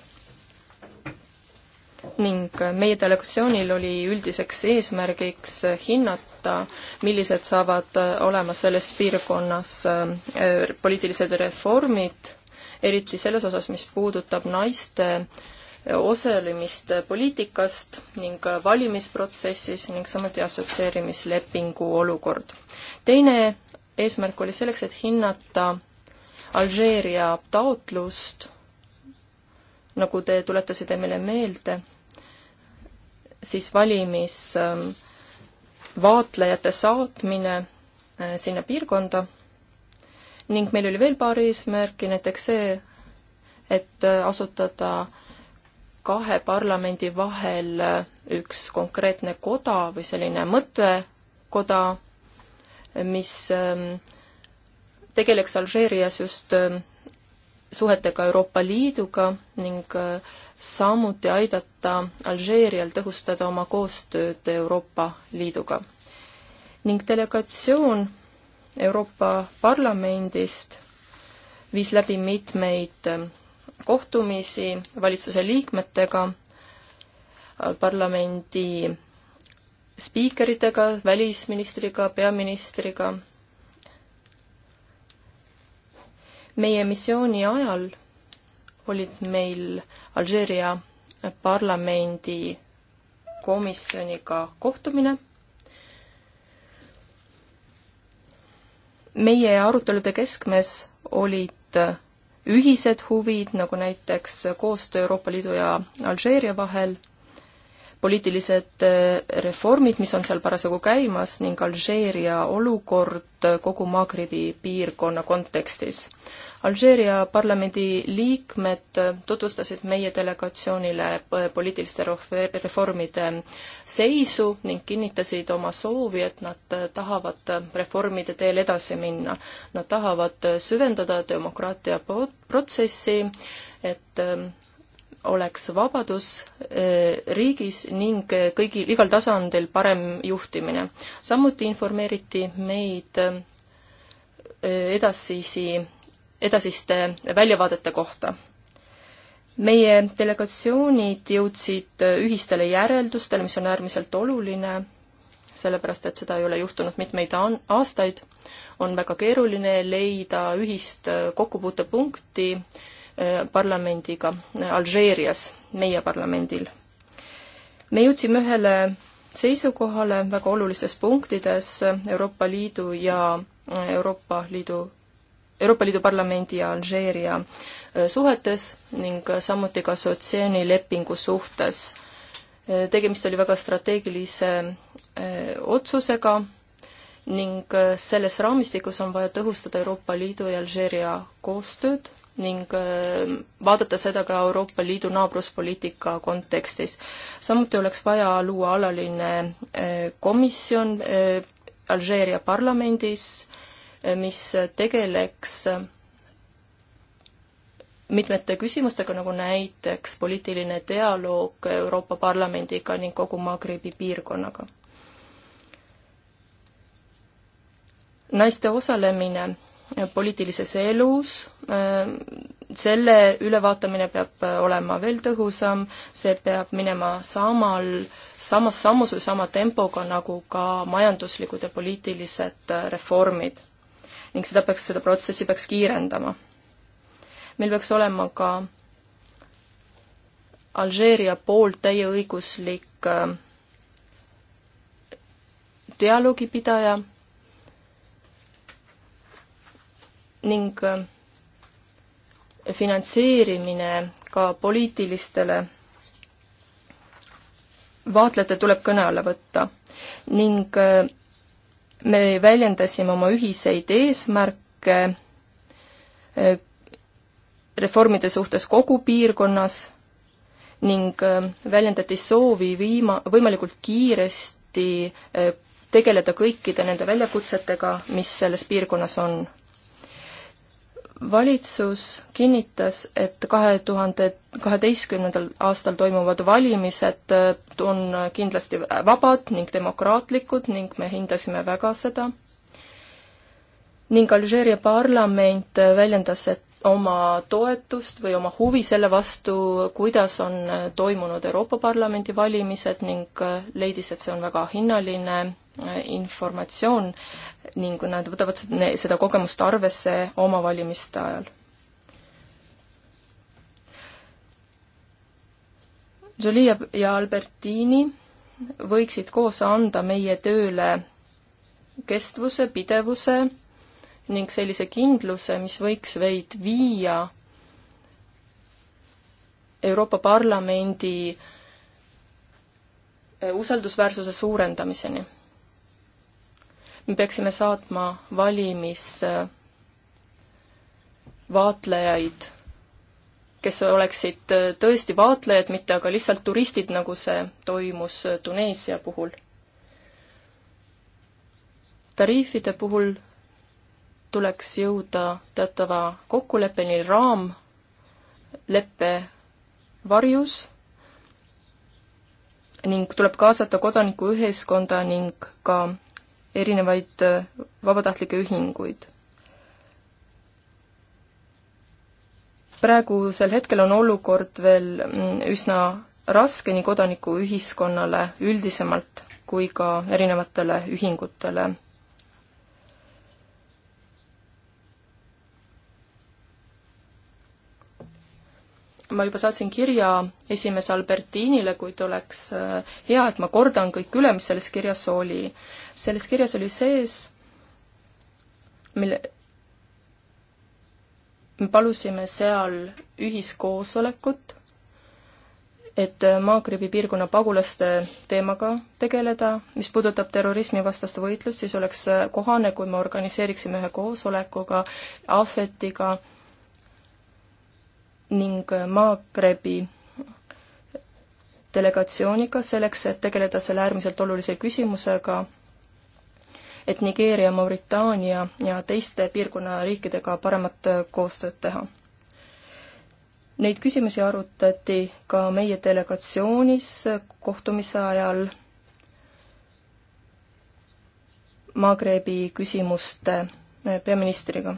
ning meie delegatsioonil oli üldiseks eesmärgiks hinnata, millised saavad olema selles piirkonnas äh, poliitilised reformid, eriti selles osas, mis puudutab naiste osalemist poliitikast ning valimisprotsessis ning samuti assotsieerimislepingu olukord. teine eesmärk oli selleks, et hinnata Alžeeria taotlust, nagu te tuletasite meile meelde, siis valimisvaatlejate ähm, saatmine äh, sinna piirkonda ning meil oli veel paar eesmärki, näiteks see, et äh, asutada kahe parlamendi vahel äh, üks konkreetne koda või selline mõttekoda, mis ähm, tegeleks Alžeerias just ähm, suhetega Euroopa Liiduga ning äh, samuti aidata Alžeerial tõhustada oma koostööd Euroopa Liiduga. ning delegatsioon Euroopa Parlamendist viis läbi mitmeid ähm, kohtumisi valitsuse liikmetega, parlamendi spiikeritega, välisministriga, peaministriga. meie missiooni ajal olid meil Alžeeria parlamendi komisjoniga kohtumine. meie arutelude keskmes olid ühised huvid, nagu näiteks koostöö Euroopa Liidu ja Alžeeria vahel, poliitilised äh, reformid, mis on seal parasjagu käimas ning Alžeeria olukord kogu Maagribi piirkonna kontekstis. Alžeeria parlamendi liikmed tutvustasid meie delegatsioonile eh, poliitiliste reformide seisu ning kinnitasid oma soovi, et nad eh, tahavad reformide teel edasi minna. Nad tahavad eh, süvendada demokraatia protsessi, et oleks vabadus riigis ning kõigil, igal tasandil parem juhtimine. samuti informeeriti meid edasisi edasiste väljavaadete kohta. meie delegatsioonid jõudsid ühistele järeldustele, mis on äärmiselt oluline, sellepärast et seda ei ole juhtunud mitmeid aastaid, on väga keeruline leida ühist kokkupuutepunkti eh, parlamendiga eh, Alžeerias, meie parlamendil. me jõudsime ühele seisukohale väga olulistes punktides Euroopa Liidu ja eh, Euroopa Liidu Euroopa Liidu Parlamendi ja Alžeeria äh, suhetes ning samuti ka Sotsiaani lepingu suhtes. Äh, tegemist oli väga strateegilise äh, otsusega ning selles raamistikus on vaja tõhustada Euroopa Liidu ja Alžeeria koostööd ning vaadata seda ka Euroopa Liidu naabruspoliitika kontekstis. samuti oleks vaja luua alaline komisjon Alžeeria parlamendis, mis tegeleks mitmete küsimustega, nagu näiteks poliitiline dialoog Euroopa Parlamendiga ning kogu Magribi piirkonnaga. naiste osalemine poliitilises elus, selle ülevaatamine peab olema veel tõhusam, see peab minema samal, samas sammus või sama tempoga, nagu ka majanduslikud ja poliitilised reformid ning seda peaks, seda protsessi peaks kiirendama. meil peaks olema ka Alžeeria poolt täieõiguslik äh, dialoogipidaja ning äh, finantseerimine ka poliitilistele vaatlejate tuleb kõne alla võtta ning äh, me väljendasime oma ühiseid eesmärke äh, reformide suhtes kogu piirkonnas ning äh, väljendati soovi viima, võimalikult kiiresti äh, tegeleda kõikide nende väljakutsetega, mis selles piirkonnas on valitsus kinnitas, et kahe tuhande kaheteistkümnendal aastal toimuvad valimised äh, on kindlasti vabad ning demokraatlikud ning me hindasime väga seda. ning Alžeeria parlament väljendas, et oma toetust või oma huvi selle vastu, kuidas on äh, toimunud Euroopa Parlamendi valimised ning äh, leidis, et see on väga hinnaline informatsioon ning nad võtavad seda kogemust arvesse oma valimiste ajal. Jolie ja Albertini võiksid koos anda meie tööle kestvuse, pidevuse ning sellise kindluse, mis võiks veid viia Euroopa Parlamendi usaldusväärsuse suurendamiseni me peaksime saatma valimisvaatlejaid, äh, kes oleksid äh, tõesti vaatlejad, mitte aga lihtsalt turistid, nagu see toimus äh, Tuneesia puhul. tariifide puhul tuleks jõuda teatava kokkuleppeni raamleppe varjus ning tuleb kaasata kodanikuühiskonda ning ka erinevaid äh, vabatahtlikke ühinguid. praegusel hetkel on olukord veel mm, üsna raske nii kodanikuühiskonnale üldisemalt kui ka erinevatele ühingutele ma juba saatsin kirja esimees Albertinile, kuid oleks äh, hea, et ma kordan kõik üle, mis selles kirjas oli. selles kirjas oli sees, mille, me palusime seal ühiskoosolekut, et äh, Maagribi piirkonna pagulaste teemaga tegeleda, mis puudutab terrorismivastast võitlust, siis oleks äh, kohane, kui me organiseeriksime ühe koosolekuga, ahvetiga, ning Maagrebi delegatsiooniga selleks, et tegeleda selle äärmiselt olulise küsimusega, et Nigeeria, Mauritaania ja teiste piirkonna riikidega paremat koostööd teha. Neid küsimusi arutati ka meie delegatsioonis kohtumise ajal Magrebi küsimuste peaministriga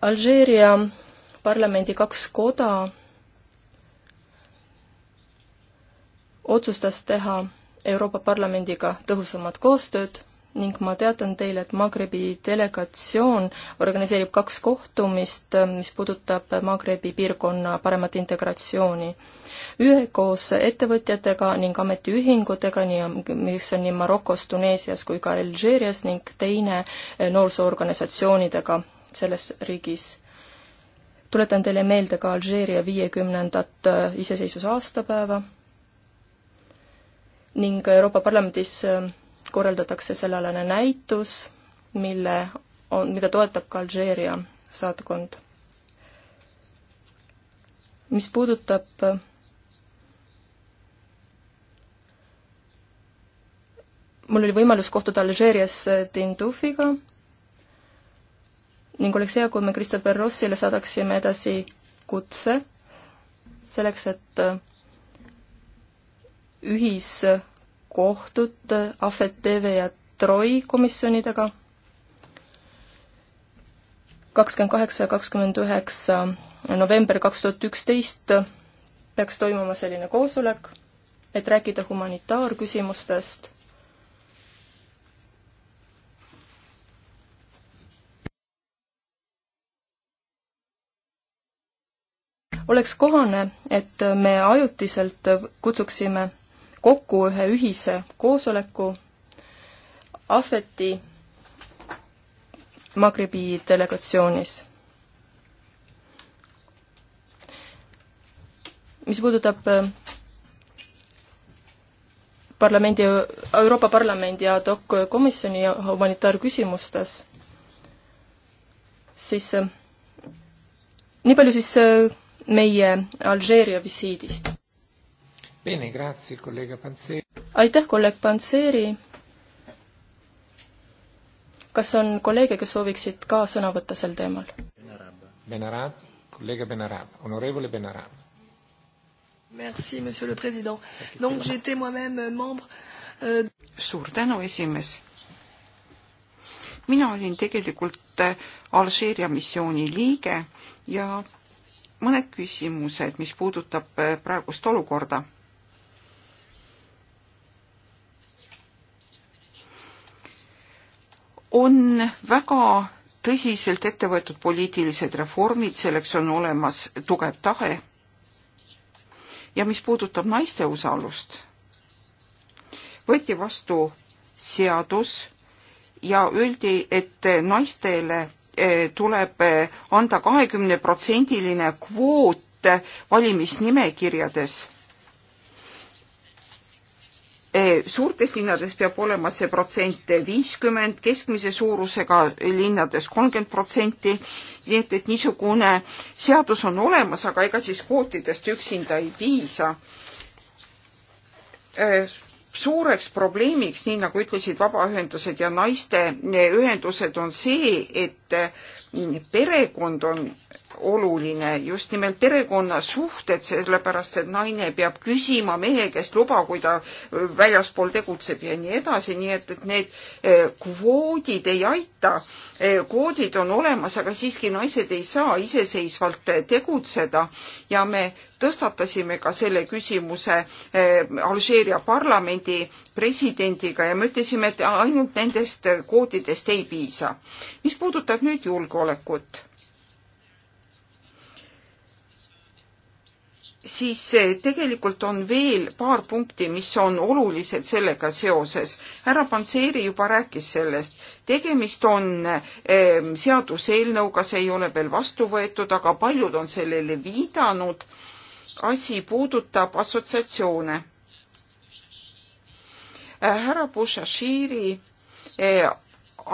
Alžeeria parlamendi kaks koda otsustas teha Euroopa Parlamendiga tõhusamat koostööd ning ma teatan teile, et Magrebi delegatsioon organiseerib kaks kohtumist, mis puudutab Magrebi piirkonna paremat integratsiooni. ühekoos ettevõtjatega ning ametiühingutega, nii, mis on nii Marokos, Tuneesias kui ka Alžeerias ning teine noorsoorganisatsioonidega selles riigis. tuletan teile meelde ka Alžeeria viiekümnendat äh, iseseisvuse aastapäeva ning Euroopa Parlamendis äh, korraldatakse sellealane näitus, mille on, mida toetab ka Alžeeria saatkond. mis puudutab äh, mul oli võimalus kohtuda Alžeerias Tindufiga ning oleks hea, kui me Christopher Rossile saadaksime edasi kutse selleks, et äh, ühiskohtut Ahvet TV ja Troi komisjonidega kakskümmend kaheksa ja kakskümmend üheksa november kaks tuhat üksteist peaks toimuma selline koosolek, et rääkida humanitaarküsimustest oleks kohane, et me ajutiselt kutsuksime kokku ühe ühise koosoleku Ahveti Magribi delegatsioonis. mis puudutab äh, parlamendi, Euroopa Parlamendi ad hoc komisjoni humanitaarküsimustes, siis äh, nii palju siis äh, meie Alžeeria visiidist. aitäh, kolleeg Panseri. kas on kolleege, kes sooviksid ka sõna võtta sel teemal? Benarab, kolleeg Benarab, honorable Benarab. Merci, monsieur le president. Donc j'étais moi-même membre euh... suur tänu, esimees mina olin tegelikult äh, Alžeeria missiooni liige ja mõned küsimused, mis puudutab eh, praegust olukorda. on väga tõsiselt ette võetud poliitilised reformid, selleks on olemas tugev tahe. ja mis puudutab naiste osalust, võeti vastu seadus ja öeldi, et naistele Eh, tuleb eh, anda kahekümneprotsendiline kvoot eh, valimisnimekirjades. suurtes linnades peab olema see protsent viiskümmend, keskmise suurusega linnades kolmkümmend protsenti, nii et, et niisugune seadus on olemas, aga ega siis kvootidest üksinda ei piisa suureks probleemiks, nii nagu ütlesid vabaühendused ja naisteühendused, on see, et perekond on oluline, just nimelt perekonnasuhted, sellepärast et naine peab küsima mehe käest luba, kui ta väljaspool tegutseb ja nii edasi, nii et, et need eh, kvoodid ei aita. Eh, kvoodid on olemas, aga siiski naised ei saa iseseisvalt tegutseda ja me tõstatasime ka selle küsimuse eh, Alžeeria parlamendi presidendiga ja me ütlesime, et ainult nendest kvootidest ei piisa. mis puudutab nüüd julgeolekut siis tegelikult on veel paar punkti, mis on olulised sellega seoses. härra Panseri juba rääkis sellest. tegemist on ehm, seaduseelnõuga, see ei ole veel vastu võetud, aga paljud on sellele viidanud. asi puudutab assotsiatsioone. Äh, härra Bushashiri eh,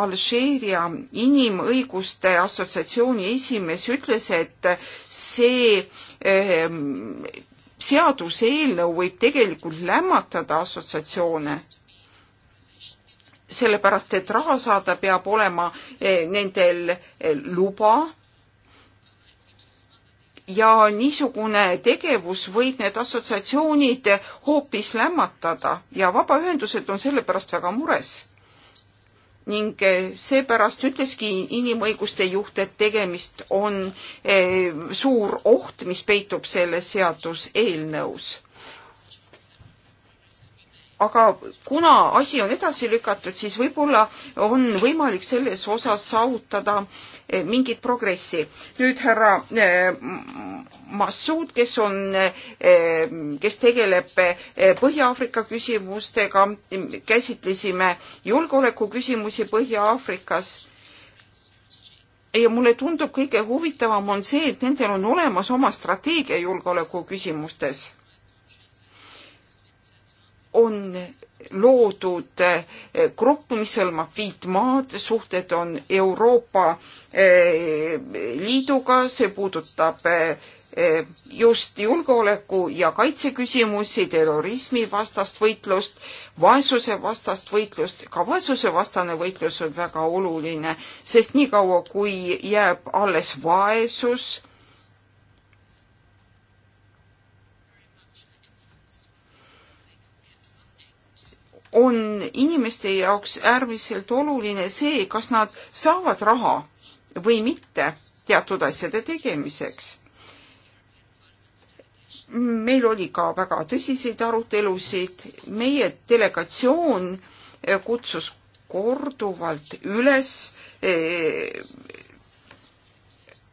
Alžeeria Inimõiguste Assotsiatsiooni esimees ütles, et see ehm, seaduseelnõu võib tegelikult lämmatada assotsiatsioone, sellepärast et raha saada peab olema eh, nendel eh, luba ja niisugune tegevus võib need assotsiatsioonid hoopis lämmatada ja vabaühendused on selle pärast väga mures ning eh, seepärast ütleski inimõiguste juht, et tegemist on eh, suur oht, mis peitub selles seaduseelnõus aga kuna asi on edasi lükatud, siis võib-olla on võimalik selles osas saavutada eh, mingit progressi. nüüd härra eh, Massoud, kes on, eh, kes tegeleb Põhja-Aafrika küsimustega, käsitlesime julgeolekuküsimusi Põhja-Aafrikas ja mulle tundub, kõige huvitavam on see, et nendel on olemas oma strateegia julgeoleku küsimustes on loodud eh, grupp, mis hõlmab viit maad, suhted on Euroopa eh, Liiduga, see puudutab eh, just julgeoleku ja kaitseküsimusi, terrorismi vastast võitlust, vaesuse vastast võitlust, ka vaesusevastane võitlus on väga oluline, sest niikaua, kui jääb alles vaesus, on inimeste jaoks äärmiselt oluline see, kas nad saavad raha või mitte teatud asjade tegemiseks. meil oli ka väga tõsiseid arutelusid, meie delegatsioon kutsus korduvalt üles eh,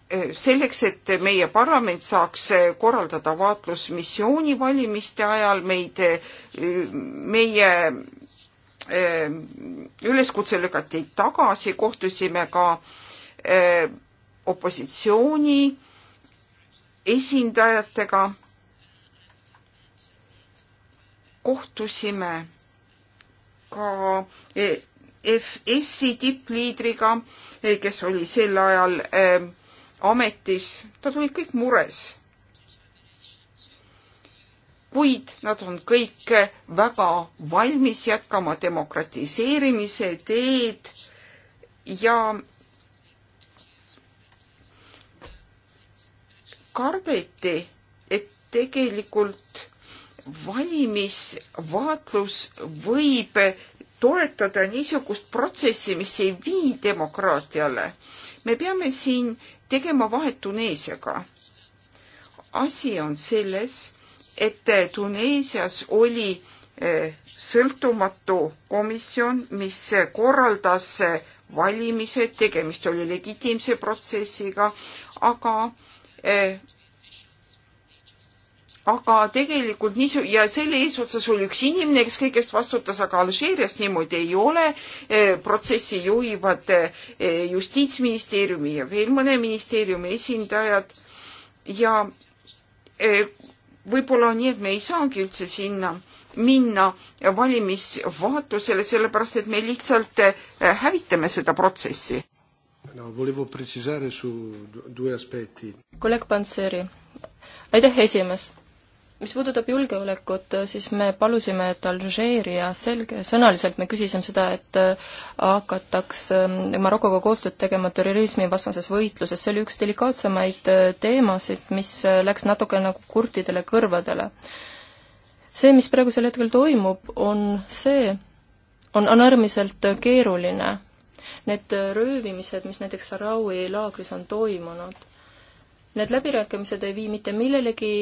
Äh, selleks, et meie parlament saaks äh, korraldada vaatlusmissiooni valimiste ajal meid, äh, meie üleskutse lükati tagasi, kohtusime ka opositsiooni esindajatega, kohtusime ka FS-i tippliidriga, kes oli sel ajal äh, ametis, nad olid kõik mures. kuid nad on kõik väga valmis jätkama demokratiseerimise teed ja kardeti, et tegelikult valimisvaatlus võib toetada niisugust protsessi, mis ei vii demokraatiale. me peame siin tegema vahet Tuneesiaga. asi on selles, et Tuneesias oli eh, sõltumatu komisjon, mis korraldas eh, valimised, tegemist oli legitiimse protsessiga, aga eh, aga tegelikult niisu- ja selle eesotsas oli üks inimene, kes kõigest vastutas, aga Alžeerias niimoodi ei ole. E, protsessi juhivad e, justiitsministeeriumi ja veel mõne ministeeriumi esindajad ja e, võib-olla on nii, et me ei saagi üldse sinna minna valimisvaatlusele, sellepärast et me lihtsalt hävitame seda protsessi. No, volevo precisare su due aspetti. kolleeg Panseri, aitäh, esimees mis puudutab julgeolekut, siis me palusime, et Alžeeria selgesõnaliselt, me küsisime seda, et äh, hakataks ähm, Marokoga koostööd tegema terrorismivastases võitluses, see oli üks delikaatsemaid äh, teemasid, mis äh, läks natuke nagu kurtidele kõrvadele. see, mis praegusel hetkel toimub, on see, on, on äärmiselt keeruline. Need röövimised, mis näiteks Sarawi laagris on toimunud, need läbirääkimised ei vii mitte millelegi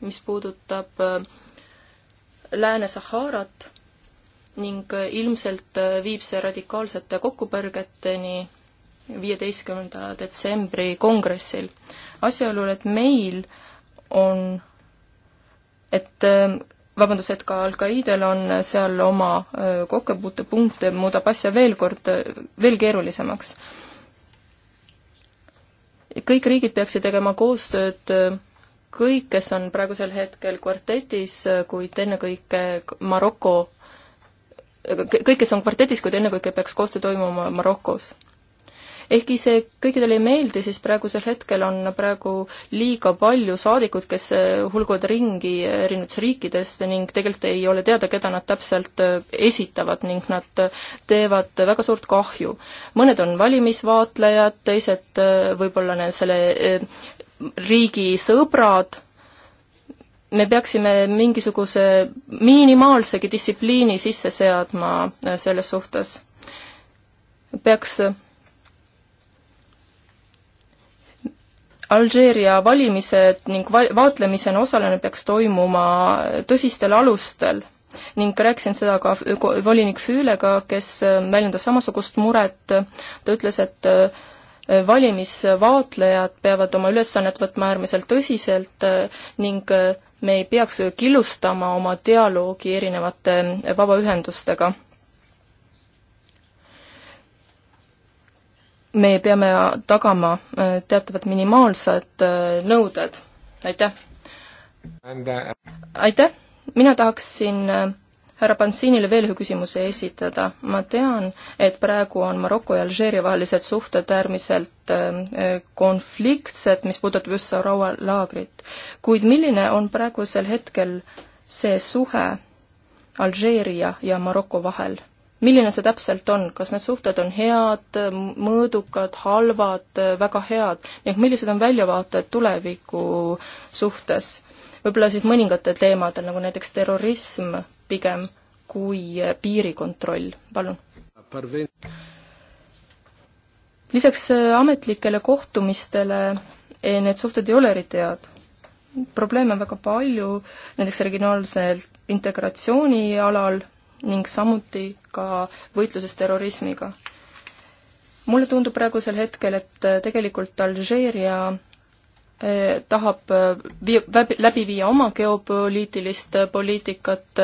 mis puudutab äh, Lääne-Saharat ning äh, ilmselt äh, viib see radikaalsete kokkupõrgeteni viieteistkümnenda detsembri kongressil. asjaolul, et meil on, et vabandust, et ka Al-Qaeda'l on seal oma kokkupuutepunkte, muudab asja veel kord, veel keerulisemaks. kõik riigid peaksid tegema koostööd kõik, kes on praegusel hetkel kvartetis, kuid ennekõike Maroko, kõik, kes on kvartetis, kuid ennekõike peaks koostöö toimuma Marokos. ehkki see kõikidele ei meeldi, siis praegusel hetkel on praegu liiga palju saadikud, kes eh, hulguvad ringi erinevates riikides ning tegelikult ei ole teada, keda nad täpselt eh, esitavad ning nad teevad väga suurt kahju. mõned on valimisvaatlejad, teised eh, võib-olla selle riigi sõbrad, me peaksime mingisuguse minimaalsegi distsipliini sisse seadma äh, selles suhtes. peaks äh, Alžeeria valimised ning va-, vaatlemisena osalemine peaks toimuma äh, tõsistel alustel ning rääkisin seda ka volinik Füülega, kes väljendas samasugust muret, ta ütles, et valimisvaatlejad peavad oma ülesannet võtma äärmiselt tõsiselt eh, ning eh, me ei peaks killustama oma dialoogi erinevate eh, vabaühendustega me peame tagama teatavad minimaalsed nõuded, aitäh! Uh, aitäh, mina tahaksin härra Pansinile veel ühe küsimuse esitada. ma tean, et praegu on Maroko ja Alžeeria vahelised suhted äärmiselt äh, äh, konfliktsed, mis puudutab just Sarawa laagrit. kuid milline on praegusel hetkel see suhe Alžeeria ja Maroko vahel? milline see täpselt on, kas need suhted on head, mõõdukad, halvad, väga head, ehk millised on väljavaated tuleviku suhtes? võib-olla siis mõningatel teemadel, nagu näiteks terrorism pigem kui piirikontroll, palun. lisaks äh, ametlikele kohtumistele eh, need suhted ei ole eriti head. probleeme on väga palju, näiteks regionaalsel integratsiooni alal ning samuti ka võitluses terrorismiga. mulle tundub praegusel hetkel, et äh, tegelikult Alžeeria äh, tahab vii-, läbi viia oma geopoliitilist poliitikat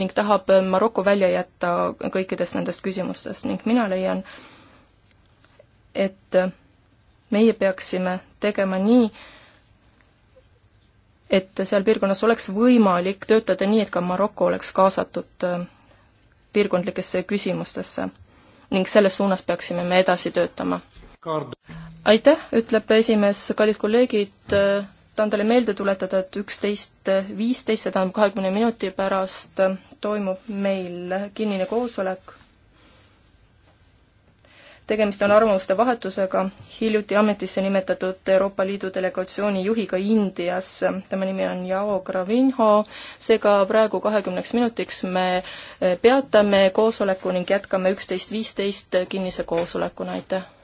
ning tahab Maroko välja jätta kõikidest nendest küsimustest ning mina leian, et meie peaksime tegema nii, et seal piirkonnas oleks võimalik töötada nii, et ka Maroko oleks kaasatud äh, piirkondlikesse küsimustesse. ning selles suunas peaksime me edasi töötama. aitäh, ütleb esimees, kallid kolleegid, äh, tahan teile meelde tuletada, et üksteist viisteist, see tähendab kahekümne minuti pärast äh, toimub meil kinnine koosolek. tegemist on arvamuste vahetusega hiljuti ametisse nimetatud Euroopa Liidu delegatsiooni juhiga Indias. tema nimi on Yao Gravinho, seega praegu kahekümneks minutiks me peatame koosoleku ning jätkame üksteist viisteist kinnise koosolekuna, aitäh!